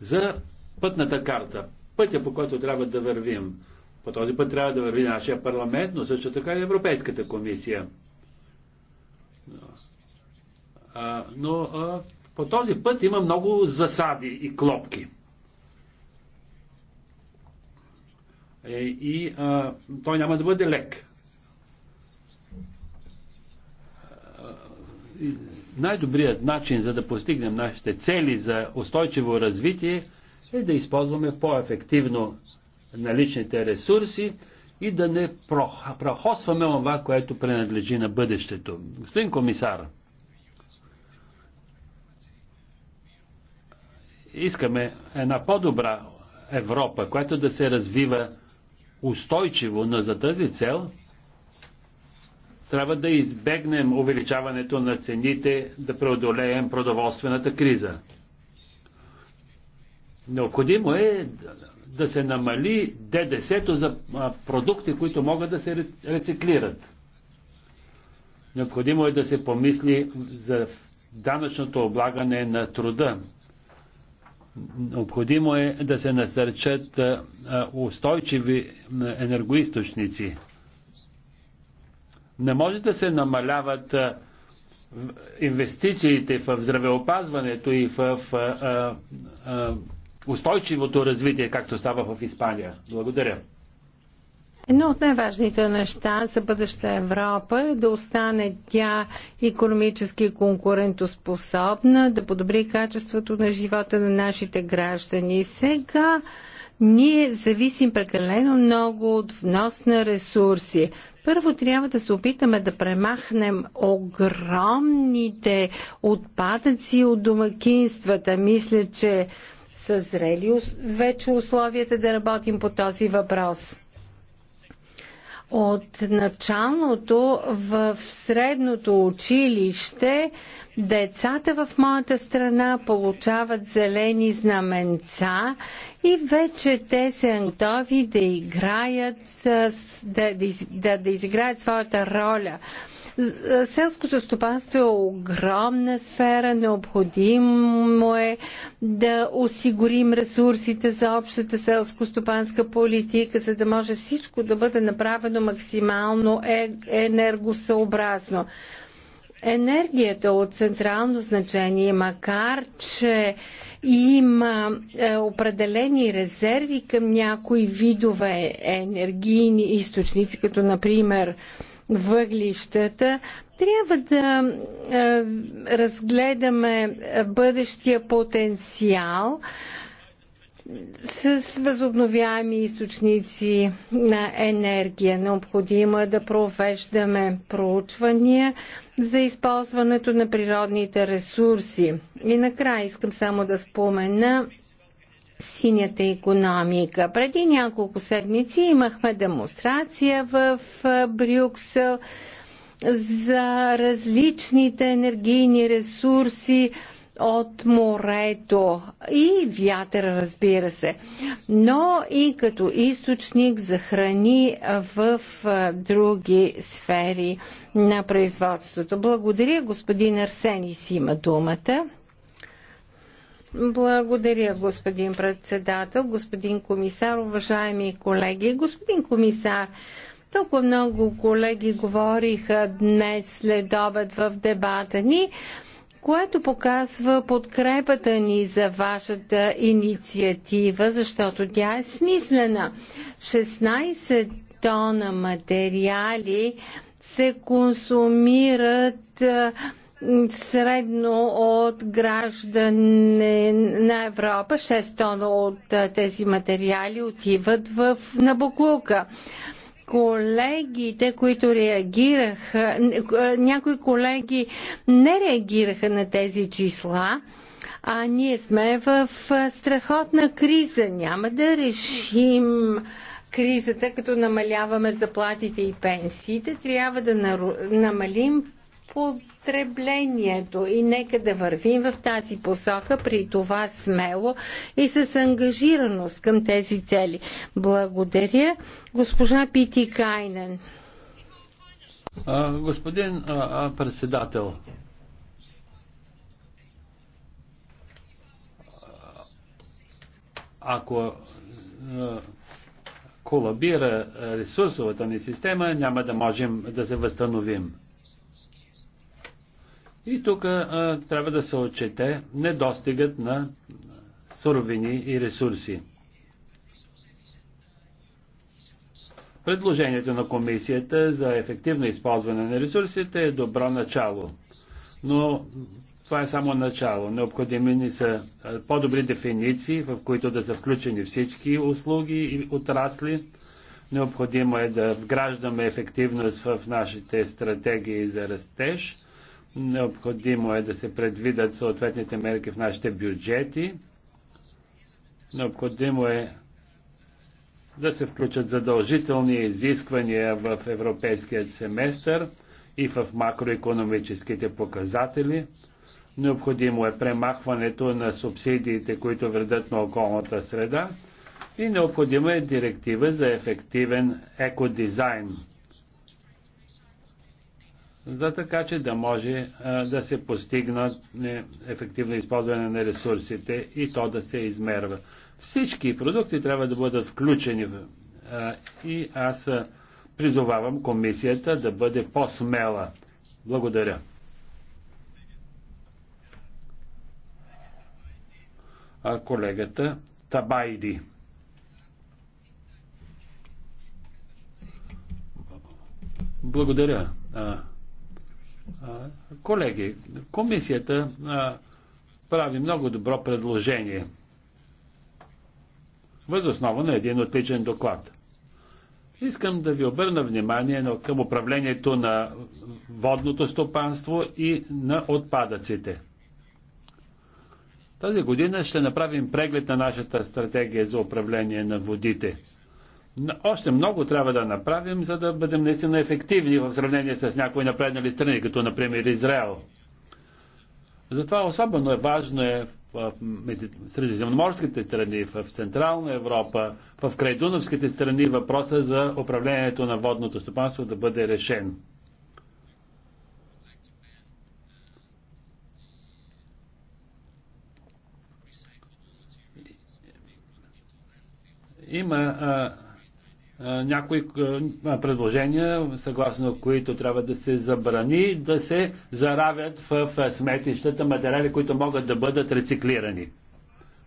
за пътната карта, пътя по който трябва да вървим. По този път трябва да върви нашия парламент, но също така и Европейската комисия. А, но а, по този път има много засади и клопки. Е, и а, той няма да бъде лек. Най-добрият начин за да постигнем нашите цели за устойчиво развитие е да използваме по-ефективно наличните ресурси и да не прохосваме това, което принадлежи на бъдещето. Господин комисар, искаме една по-добра Европа, която да се развива устойчиво, но за тази цел трябва да избегнем увеличаването на цените, да преодолеем продоволствената криза. Необходимо е да се намали ДДС-то за продукти, които могат да се рециклират. Необходимо е да се помисли за данъчното облагане на труда, Необходимо е да се насърчат устойчиви енергоисточници. Не може да се намаляват инвестициите в здравеопазването и в устойчивото развитие, както става в Испания. Благодаря. Едно от най-важните неща за бъдеща Европа е да остане тя економически конкурентоспособна, да подобри качеството на живота на нашите граждани. Сега ние зависим прекалено много от внос на ресурси. Първо трябва да се опитаме да премахнем огромните отпадъци от домакинствата. Мисля, че са зрели вече условията да работим по този въпрос от началното в средното училище Децата в моята страна получават зелени знаменца и вече те са готови да играят, да, да, да изиграят своята роля. Селското стопанство е огромна сфера, необходимо е да осигурим ресурсите за общата селско-стопанска политика, за да може всичко да бъде направено максимално е, енергосъобразно. Енергията от централно значение, макар че има е, определени резерви към някои видове енергийни източници, като например въглищата, трябва да е, разгледаме бъдещия потенциал с възобновяеми източници на енергия. Необходимо е да провеждаме проучвания, за използването на природните ресурси. И накрая искам само да спомена синята економика. Преди няколко седмици имахме демонстрация в Брюксел за различните енергийни ресурси, от морето и вятъра, разбира се, но и като източник за храни в други сфери на производството. Благодаря, господин Арсенис има думата. Благодаря, господин председател, господин комисар, уважаеми колеги. Господин комисар, толкова много колеги говориха днес след обед в дебата ни което показва подкрепата ни за вашата инициатива, защото тя е смислена. 16 тона материали се консумират средно от граждане на Европа. 6 тона от тези материали отиват в Набуклука колегите, които реагираха, някои колеги не реагираха на тези числа, а ние сме в страхотна криза. Няма да решим кризата, като намаляваме заплатите и пенсиите. Трябва да намалим под потреблението и нека да вървим в тази посока, при това смело и с ангажираност към тези цели. Благодаря. Госпожа Пити Кайнен. А, господин а, а, председател, ако колабира ресурсовата ни система, няма да можем да се възстановим. И тук трябва да се отчете недостигът на суровини и ресурси. Предложението на комисията за ефективно използване на ресурсите е добро начало, но това е само начало. Необходими ни са по-добри дефиниции, в които да са включени всички услуги и отрасли. Необходимо е да вграждаме ефективност в нашите стратегии за растеж – Необходимо е да се предвидат съответните мерки в нашите бюджети. Необходимо е да се включат задължителни изисквания в европейският семестър и в макроекономическите показатели. Необходимо е премахването на субсидиите, които вредят на околната среда и необходима е директива за ефективен екодизайн за така, че да може а, да се постигна ефективно използване на ресурсите и то да се измерва. Всички продукти трябва да бъдат включени а, и аз а, призовавам комисията да бъде по-смела. Благодаря. А колегата Табайди. Благодаря. Колеги, комисията прави много добро предложение възоснова на един отличен доклад. Искам да ви обърна внимание към управлението на водното стопанство и на отпадъците. Тази година ще направим преглед на нашата стратегия за управление на водите – още много трябва да направим, за да бъдем наистина ефективни в сравнение с някои напреднали страни, като например Израел. Затова особено е важно е в средиземноморските страни, в Централна Европа, в крайдуновските страни въпроса за управлението на водното стопанство да бъде решен. Има а, някои предложения, съгласно които трябва да се забрани да се заравят в сметищата материали, които могат да бъдат рециклирани.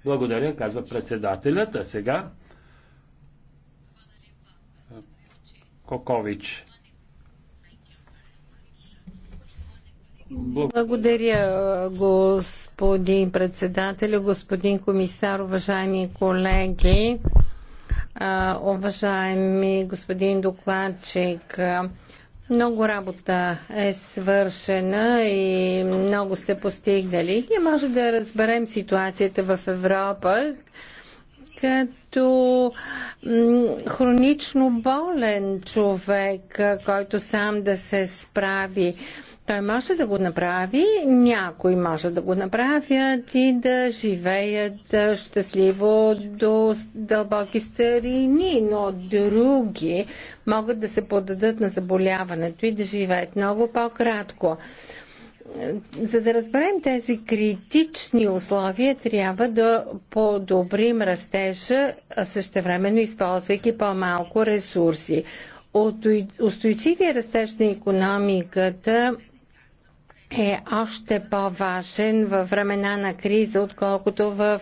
Благодаря, казва председателят. А сега Кокович. Благодаря, господин председател, господин комисар, уважаеми колеги уважаеми господин докладчик. Много работа е свършена и много сте постигнали. Ние може да разберем ситуацията в Европа като хронично болен човек, който сам да се справи той може да го направи, някой може да го направят и да живеят щастливо до дълбоки старини, но други могат да се подадат на заболяването и да живеят много по-кратко. За да разберем тези критични условия, трябва да подобрим растежа, същевременно използвайки по-малко ресурси. От устойчивия растеж на економиката е още по-важен във времена на криза, отколкото в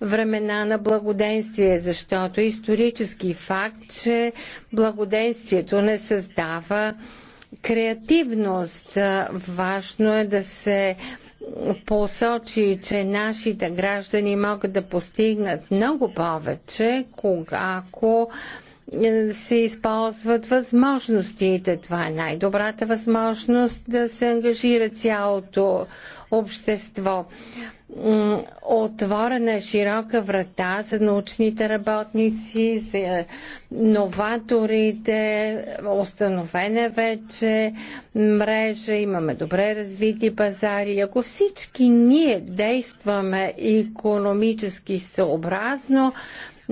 времена на благоденствие, защото исторически факт, че благоденствието не създава креативност. Важно е да се посочи, че нашите граждани могат да постигнат много повече, ако се използват възможностите. Това е най-добрата възможност да се ангажира цялото общество. Отворена е широка врата за научните работници, за новаторите, установена е вече мрежа, имаме добре развити пазари. Ако всички ние действаме економически съобразно,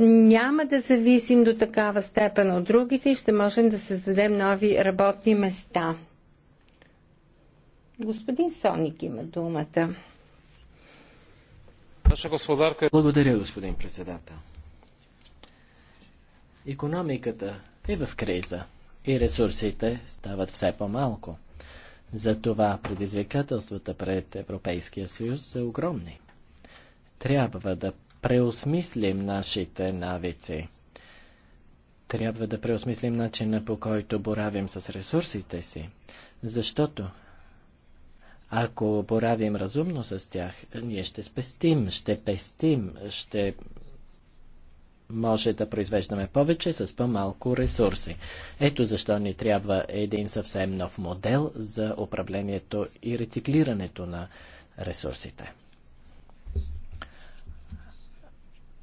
няма да зависим до такава степен от другите и ще можем да създадем нови работни места. Господин Соник има думата. Наша господарка... Е- Благодаря, господин председател. Економиката е в криза и ресурсите стават все по-малко. Затова предизвикателствата пред Европейския съюз са огромни. Трябва да преосмислим нашите навици. Трябва да преосмислим начина по който боравим с ресурсите си, защото ако боравим разумно с тях, ние ще спестим, ще пестим, ще може да произвеждаме повече с по-малко ресурси. Ето защо ни трябва един съвсем нов модел за управлението и рециклирането на ресурсите.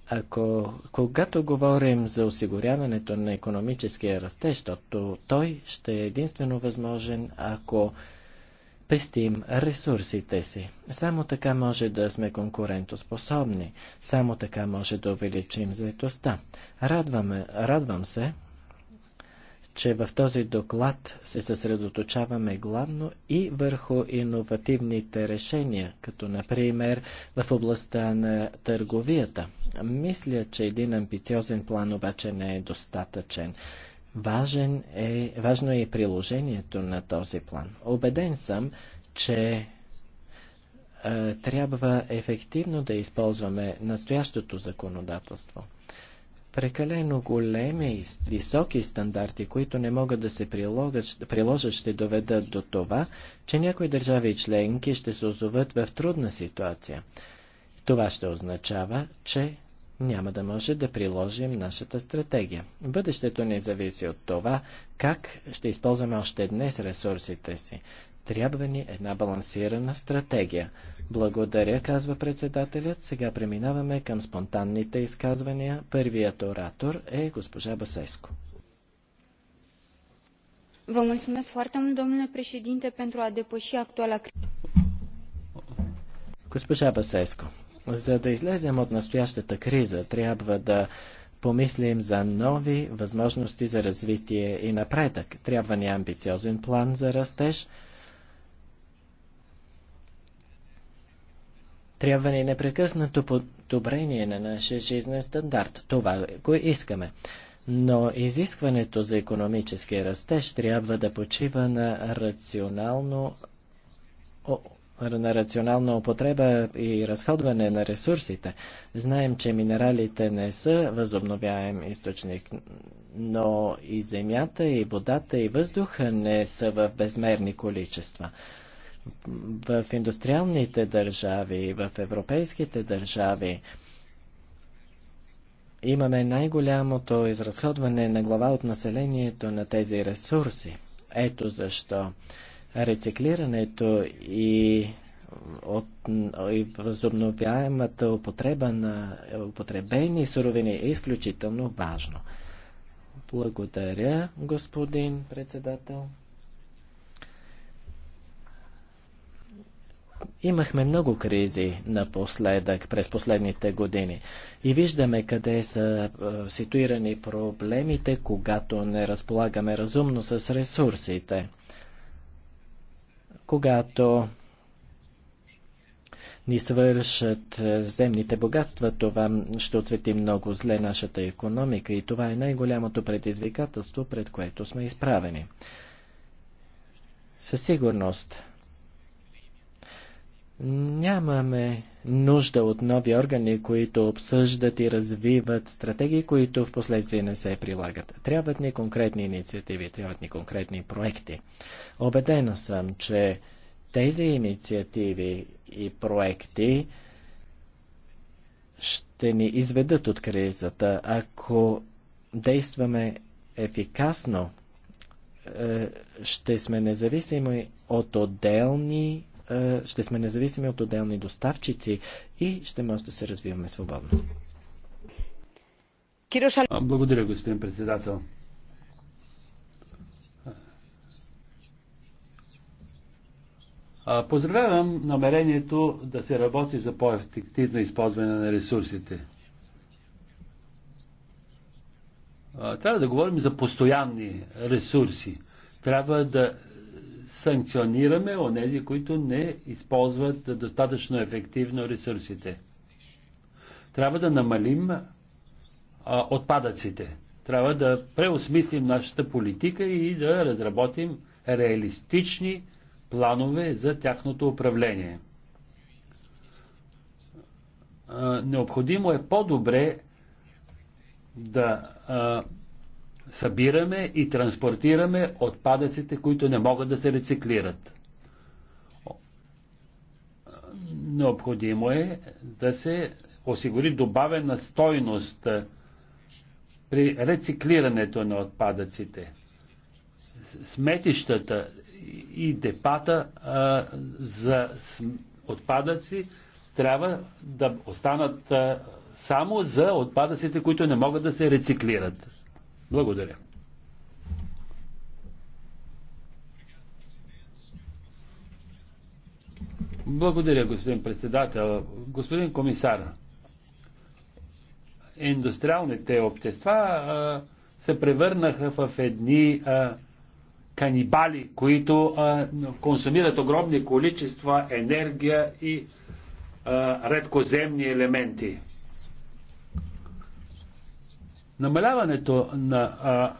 Ако, когато говорим за осигуряването на економическия растеж, защото той ще е единствено възможен, ако пестим ресурсите си. Само така може да сме конкурентоспособни. Само така може да увеличим заетостта. радвам се, че в този доклад се съсредоточаваме главно и върху иновативните решения, като например в областта на търговията. Мисля, че един амбициозен план обаче не е достатъчен. Важен е, важно е и приложението на този план. Обеден съм, че е, трябва ефективно да използваме настоящото законодателство. Прекалено големи и високи стандарти, които не могат да се приложат, ще доведат до това, че някои държави и членки ще се озоват в трудна ситуация. Това ще означава, че няма да може да приложим нашата стратегия. Бъдещето не зависи от това, как ще използваме още днес ресурсите си. Трябва ни една балансирана стратегия. Благодаря, казва председателят. Сега преминаваме към спонтанните изказвания. Първият оратор е госпожа Басеско. Vă mulțumesc foarte mult, domnule președinte, pentru a depăși actuala Госпожа Басеско, за да излезем от настоящата криза, трябва да помислим за нови възможности за развитие и напредък. Трябва ни амбициозен план за растеж – Трябва ни непрекъснато подобрение на нашия жизнен стандарт. Това го искаме. Но изискването за економически растеж трябва да почива на рационално на рационална употреба и разходване на ресурсите. Знаем, че минералите не са възобновяем източник, но и земята, и водата, и въздуха не са в безмерни количества в индустриалните държави, в европейските държави, имаме най-голямото изразходване на глава от населението на тези ресурси. Ето защо рециклирането и от и възобновяемата употреба на употребени суровини е изключително важно. Благодаря, господин председател. Имахме много кризи напоследък, през последните години. И виждаме къде са е, ситуирани проблемите, когато не разполагаме разумно с ресурсите. Когато ни свършат земните богатства, това ще оцвети много зле нашата економика и това е най-голямото предизвикателство, пред което сме изправени. Със сигурност Нямаме нужда от нови органи, които обсъждат и развиват стратегии, които в последствие не се прилагат. Трябват ни конкретни инициативи, трябват ни конкретни проекти. Обедена съм, че тези инициативи и проекти ще ни изведат от кризата, ако действаме ефикасно, е, ще сме независими от отделни е, ще сме независими от отделни доставчици и ще може да се развиваме свободно. Благодаря, господин председател. Поздравявам намерението да се работи за по-ефективно използване на ресурсите. Трябва да говорим за постоянни ресурси. Трябва да санкционираме онези, които не използват достатъчно ефективно ресурсите. Трябва да намалим а, отпадъците. Трябва да преосмислим нашата политика и да разработим реалистични планове за тяхното управление. А, необходимо е по-добре да а, събираме и транспортираме отпадъците, които не могат да се рециклират. Необходимо е да се осигури добавена стойност при рециклирането на отпадъците. Сметищата и депата а, за отпадъци трябва да останат а, само за отпадъците, които не могат да се рециклират. Благодаря. Благодаря, господин председател. Господин комисар, индустриалните общества а, се превърнаха в едни а, канибали, които а, консумират огромни количества енергия и а, редкоземни елементи. Намаляването на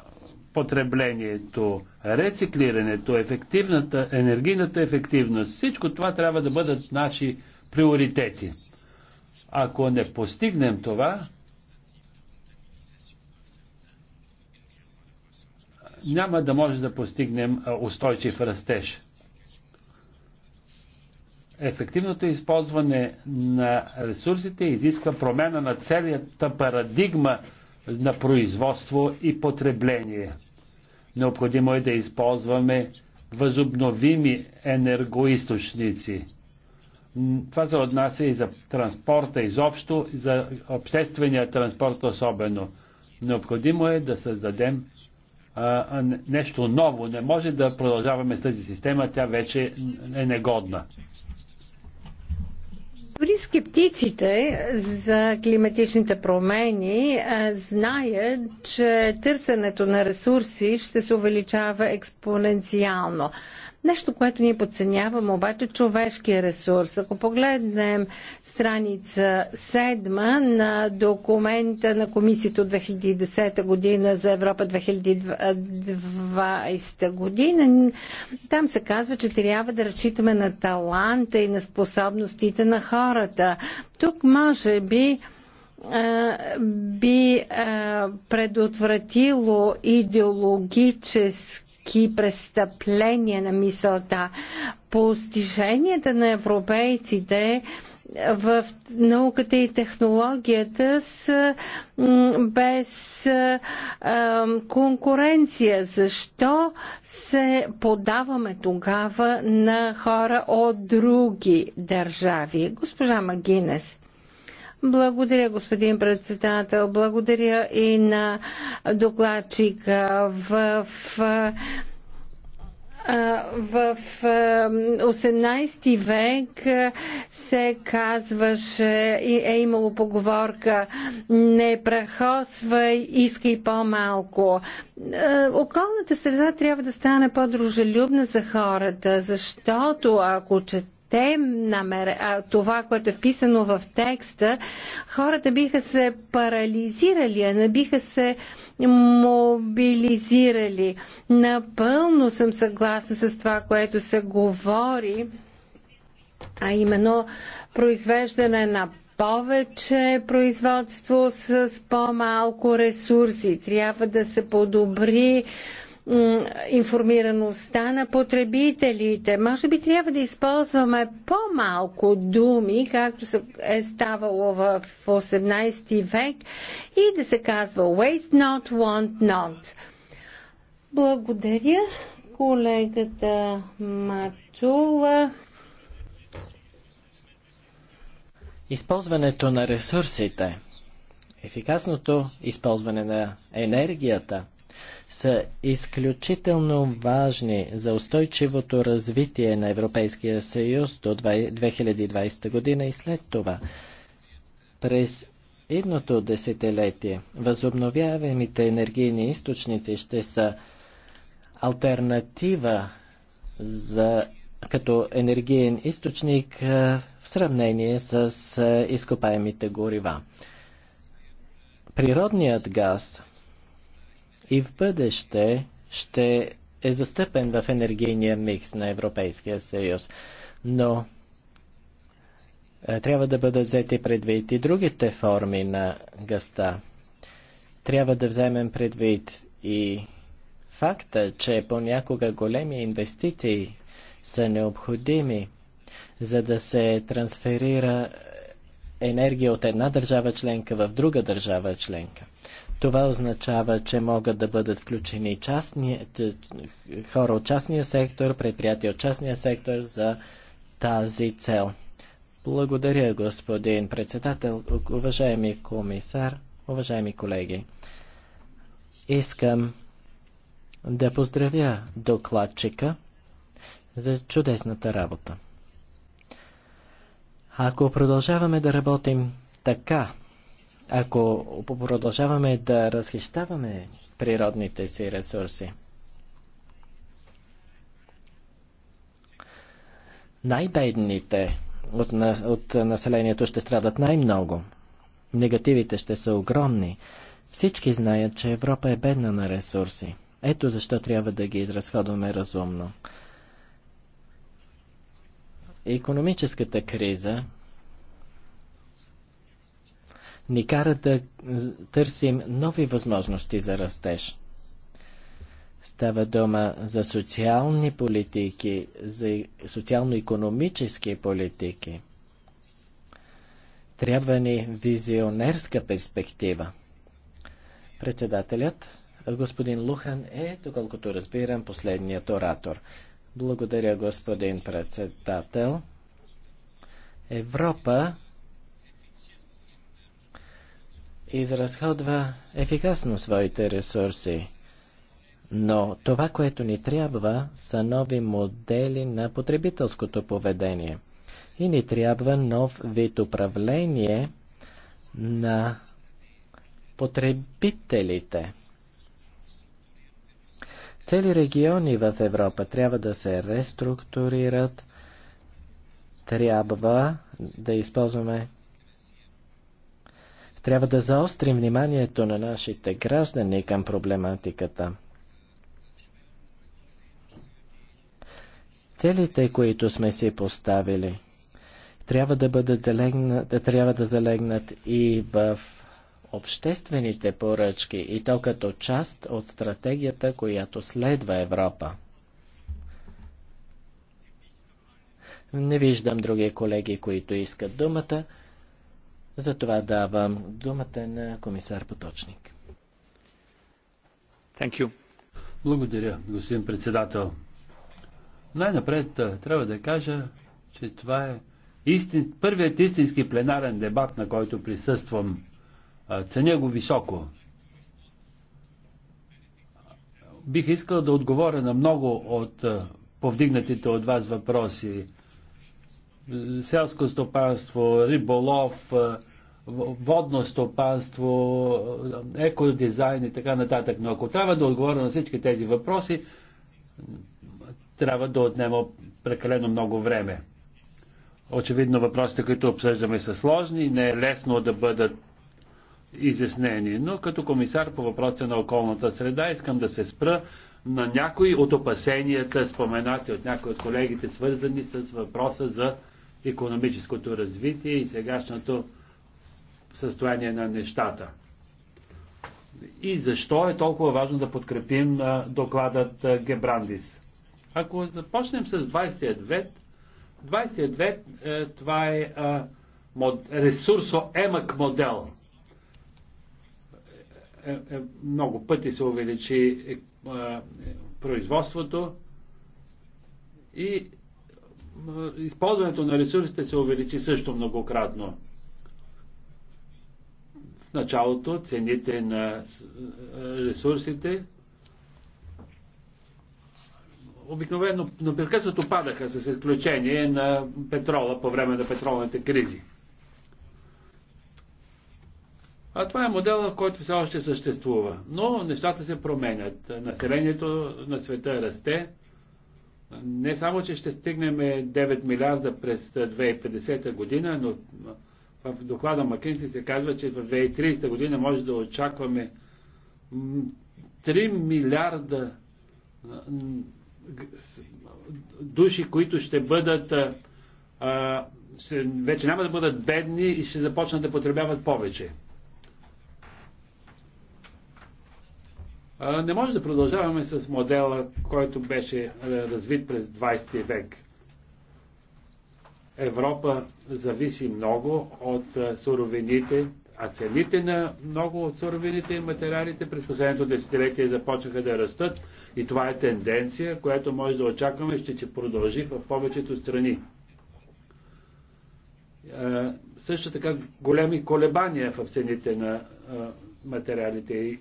потреблението, рециклирането, ефективната, енергийната ефективност, всичко това трябва да бъдат наши приоритети. Ако не постигнем това, няма да може да постигнем устойчив растеж. Ефективното използване на ресурсите изисква промяна на целията парадигма на производство и потребление. Необходимо е да използваме възобновими енергоисточници. Това се отнася и за транспорта изобщо, и за обществения транспорт особено. Необходимо е да създадем а, нещо ново. Не може да продължаваме с тази система, тя вече е негодна. Дори скептиците за климатичните промени знаят, че търсенето на ресурси ще се увеличава експоненциално. Нещо, което ние подценяваме, обаче човешкия ресурс. Ако погледнем страница 7 на документа на комисията от 2010 година за Европа 2020 година, там се казва, че трябва да разчитаме на таланта и на способностите на хората. Тук може би би предотвратило идеологически тежки престъпления на мисълта. Постиженията на европейците в науката и технологията с, без а, конкуренция. Защо се подаваме тогава на хора от други държави? Госпожа Магинес. Благодаря, господин председател. Благодаря и на докладчика в, в в 18 век се казваше и е имало поговорка не прахосвай, искай по-малко. Околната среда трябва да стане по-дружелюбна за хората, защото ако чете те това, което е вписано в текста, хората биха се парализирали, а не биха се мобилизирали. Напълно съм съгласна с това, което се говори, а именно произвеждане на повече производство с по-малко ресурси. Трябва да се подобри информираността на потребителите. Може би трябва да използваме по-малко думи, както е ставало в 18 век и да се казва waste not, want not. Благодаря колегата Матула. Използването на ресурсите, ефикасното използване на енергията – са изключително важни за устойчивото развитие на Европейския съюз до 2020 година и след това. През идното десетилетие възобновяемите енергийни източници ще са альтернатива за, като енергиен източник в сравнение с изкопаемите горива. Природният газ и в бъдеще ще е застъпен в енергийния микс на Европейския съюз. Но е, трябва да бъдат взети предвид и другите форми на гъста. Трябва да вземем предвид и факта, че понякога големи инвестиции са необходими, за да се трансферира енергия от една държава членка в друга държава членка. Това означава, че могат да бъдат включени частни, хора от частния сектор, предприятия от частния сектор за тази цел. Благодаря, господин председател, уважаеми комисар, уважаеми колеги. Искам да поздравя докладчика за чудесната работа. Ако продължаваме да работим така, ако продължаваме да разхищаваме природните си ресурси. Най-бедните от, от населението ще страдат най-много. Негативите ще са огромни. Всички знаят, че Европа е бедна на ресурси. Ето защо трябва да ги изразходваме разумно. Економическата криза ни кара да търсим нови възможности за растеж. Става дума за социални политики, за социално-економически политики. Трябва ни визионерска перспектива. Председателят, господин Лухан, е, доколкото разбирам, последният оратор. Благодаря, господин председател. Европа изразходва ефикасно своите ресурси. Но това, което ни трябва, са нови модели на потребителското поведение. И ни трябва нов вид управление на потребителите. Цели региони в Европа трябва да се реструктурират, трябва да използваме трябва да заострим вниманието на нашите граждани към проблематиката. Целите, които сме си поставили, трябва да, бъдат залегнат, трябва да залегнат и в обществените поръчки, и то като част от стратегията, която следва Европа. Не виждам други колеги, които искат думата. За това давам думата на комисар Поточник. Thank you. Благодаря, господин председател. Най-напред трябва да кажа, че това е истин, първият истински пленарен дебат, на който присъствам. Ценя го високо. Бих искал да отговоря на много от повдигнатите от вас въпроси селско стопанство, риболов, водно стопанство, екодизайн и така нататък. Но ако трябва да отговоря на всички тези въпроси, трябва да отнема прекалено много време. Очевидно въпросите, които обсъждаме са сложни, не е лесно да бъдат изяснени. Но като комисар по въпроса на околната среда искам да се спра на някои от опасенията, споменати от някои от колегите, свързани с въпроса за економическото развитие и сегашното състояние на нещата. И защо е толкова важно да подкрепим докладът Гебрандис? Ако започнем с 20 век, 20 век е, това е, е ресурсо-емък модел. Е, е, много пъти се увеличи е, е, производството и е, използването на ресурсите се увеличи също многократно. В началото цените на е, ресурсите обикновено непрекъснато падаха с изключение на петрола по време на петролните кризи. А това е моделът, който все още съществува. Но нещата се променят. Населението на света расте, не само, че ще стигнем 9 милиарда през 2050 година, но в доклада Макинси се казва, че в 2030 година може да очакваме 3 милиарда души, които ще бъдат вече няма да бъдат бедни и ще започнат да потребяват повече. Не може да продължаваме с модела, който беше развит през 20 век. Европа зависи много от суровините, а цените на много от суровините и материалите през последното десетилетие започнаха да растат и това е тенденция, която може да очакваме, ще, се продължи в повечето страни. Също така големи колебания в цените на материалите и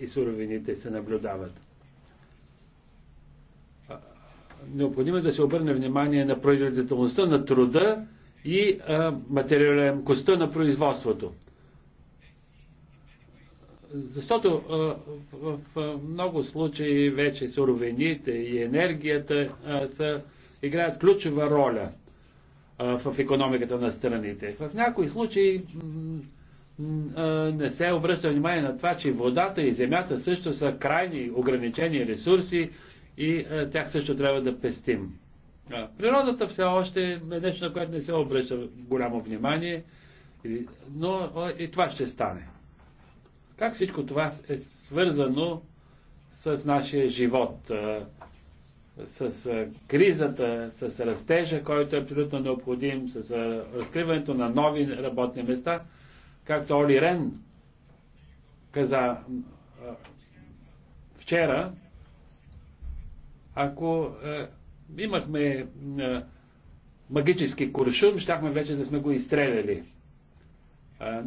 и суровините се наблюдават. Необходимо е да се обърне внимание на производителността на труда и материалемкостта на производството. Защото в много случаи вече суровините и енергията са, играят ключова роля в економиката на страните. В някои случаи не се обръща внимание на това, че водата и земята също са крайни ограничени ресурси и тях също трябва да пестим. Природата все още е нещо, на което не се обръща голямо внимание, но и това ще стане. Как всичко това е свързано с нашия живот, с кризата, с растежа, който е абсолютно необходим, с разкриването на нови работни места – Както Оли Рен каза вчера, ако имахме магически куршум, щяхме вече да сме го изстреляли.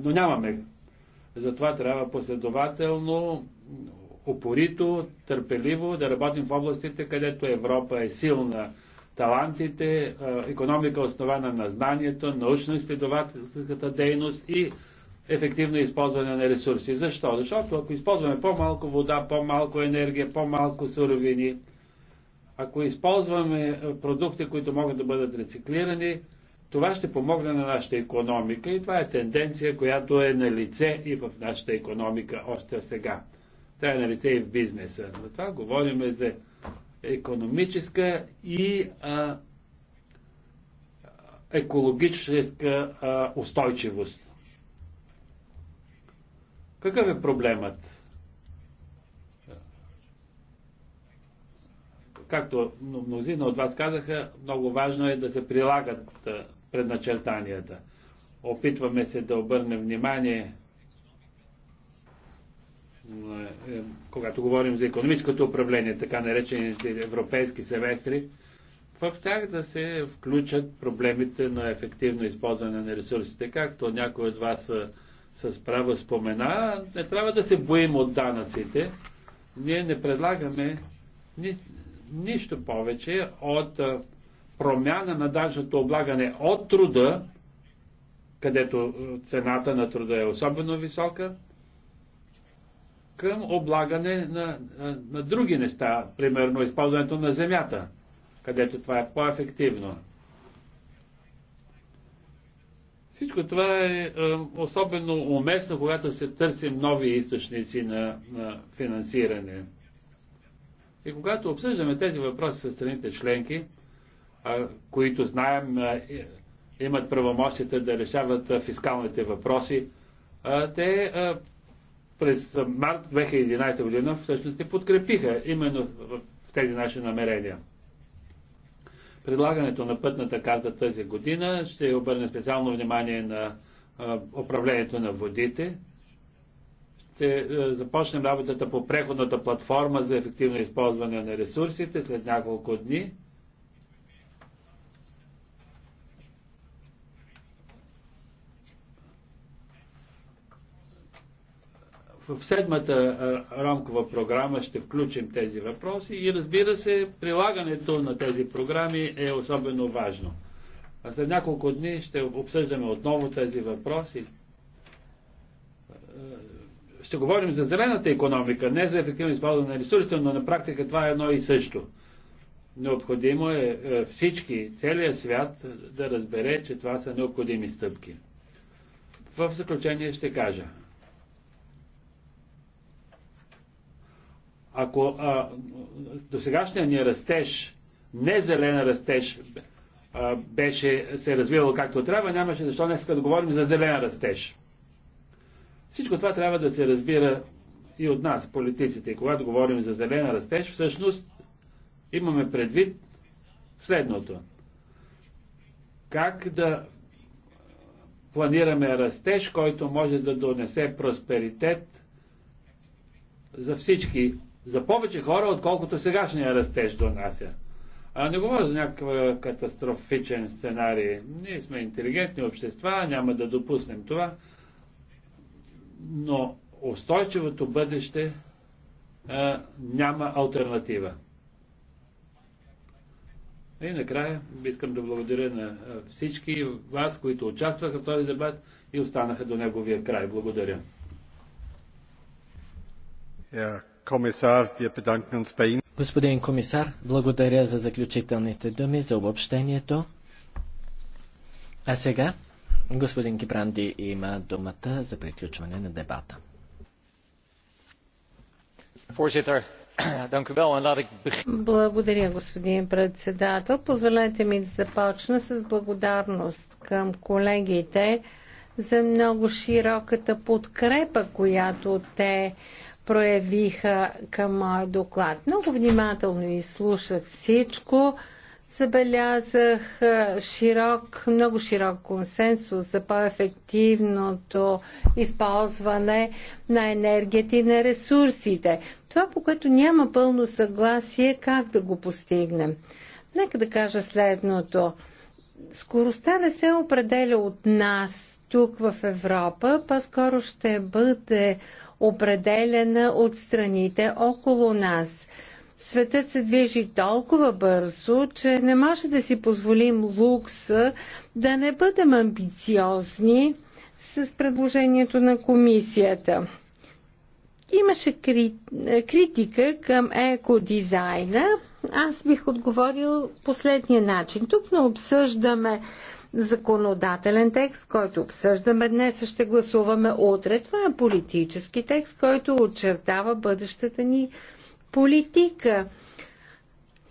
но нямаме. Затова трябва последователно, упорито, търпеливо да работим в областите, където Европа е силна. Талантите, економика основана на знанието, научно-изследователската дейност и ефективно използване на ресурси. Защо? Защото ако използваме по-малко вода, по-малко енергия, по-малко суровини, ако използваме продукти, които могат да бъдат рециклирани, това ще помогне на нашата економика и това е тенденция, която е на лице и в нашата економика още сега. Тя е на лице и в бизнеса. За това говорим за економическа и а, екологическа а, устойчивост. Какъв е проблемът? Както мнозина от вас казаха, много важно е да се прилагат предначертанията. Опитваме се да обърнем внимание е, когато говорим за економическото управление, така наречените европейски семестри, в тях да се включат проблемите на ефективно използване на ресурсите. Както някои от вас с право спомена, не трябва да се боим от данъците. Ние не предлагаме ни, нищо повече от промяна на данъчното облагане от труда, където цената на труда е особено висока, към облагане на, на, на други неща, примерно използването на земята, където това е по-ефективно. Всичко това е, е особено уместно, когато се търсим нови източници на, на финансиране. И когато обсъждаме тези въпроси с страните членки, а, които знаем а, имат правомощите да решават а, фискалните въпроси, а, те а, през март 2011 година всъщност те подкрепиха именно в тези наши намерения прилагането на пътната карта тази година ще обърне специално внимание на управлението на водите. Ще започнем работата по преходната платформа за ефективно използване на ресурсите след няколко дни. В седмата рамкова програма ще включим тези въпроси и разбира се, прилагането на тези програми е особено важно. А след няколко дни ще обсъждаме отново тези въпроси. Ще говорим за зелената економика, не за ефективно използване на ресурсите, но на практика това е едно и също. Необходимо е, е всички, целият свят да разбере, че това са необходими стъпки. В заключение ще кажа, Ако а, досегашния ни растеж, не зелен растеж, а, беше се е развивал както трябва, нямаше защо днес да говорим за зелен растеж. Всичко това трябва да се разбира и от нас, политиците. И когато говорим за зелен растеж, всъщност имаме предвид следното. Как да планираме растеж, който може да донесе просперитет за всички за повече хора, отколкото сегашния растеж донася. А не говоря за някакъв катастрофичен сценарий. Ние сме интелигентни общества, няма да допуснем това. Но устойчивото бъдеще а, няма альтернатива. И накрая искам да благодаря на всички вас, които участваха в този дебат и останаха до неговия край. Благодаря. Yeah. Господин комисар, благодаря за заключителните думи, за обобщението. А сега господин Кипранди има думата за приключване на дебата. Благодаря, господин председател. Позволете ми да започна с благодарност към колегите за много широката подкрепа, която те проявиха към моя доклад. Много внимателно изслушах всичко. Забелязах широк, много широк консенсус за по-ефективното използване на енергията и на ресурсите. Това, по което няма пълно съгласие, как да го постигнем. Нека да кажа следното. Скоростта не се определя от нас тук в Европа, по-скоро ще бъде определена от страните около нас. Светът се движи толкова бързо, че не може да си позволим лукса да не бъдем амбициозни с предложението на комисията. Имаше кри... критика към екодизайна. Аз бих отговорил последния начин. Тук не обсъждаме законодателен текст, който обсъждаме днес, ще гласуваме утре. Това е политически текст, който очертава бъдещата ни политика.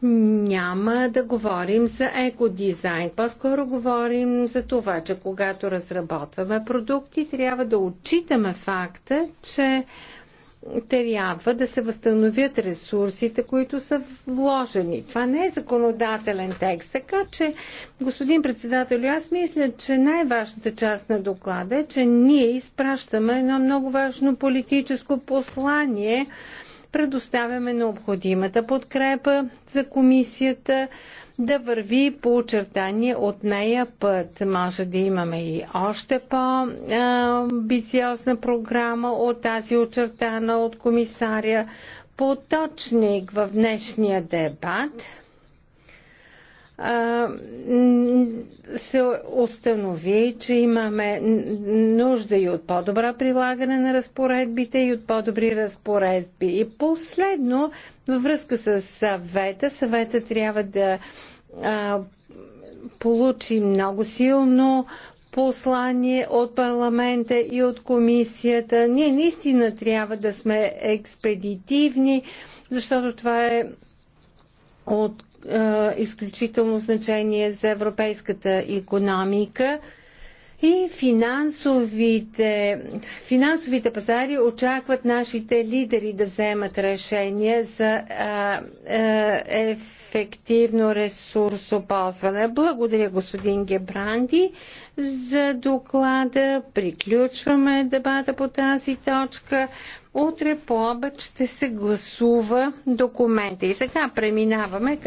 Няма да говорим за екодизайн. По-скоро говорим за това, че когато разработваме продукти, трябва да отчитаме факта, че трябва да се възстановят ресурсите, които са вложени. Това не е законодателен текст. Така че, господин председател, аз мисля, че най-важната част на доклада е, че ние изпращаме едно много важно политическо послание, предоставяме необходимата подкрепа за комисията да върви по очертания от нея път. Може да имаме и още по-амбициозна програма от тази очертана от комисаря Поточник в днешния дебат – се установи, че имаме нужда и от по-добра прилагане на разпоредбите и от по-добри разпоредби. И последно, във връзка с съвета, съвета трябва да а, получи много силно послание от парламента и от комисията. Ние наистина трябва да сме експедитивни, защото това е от е, изключително значение за европейската економика. И финансовите, финансовите пазари очакват нашите лидери да вземат решение за е, е, ефективно ресурсоползване. Благодаря господин Гебранди за доклада. Приключваме дебата по тази точка. Утре по обед ще се гласува документа. И сега преминаваме към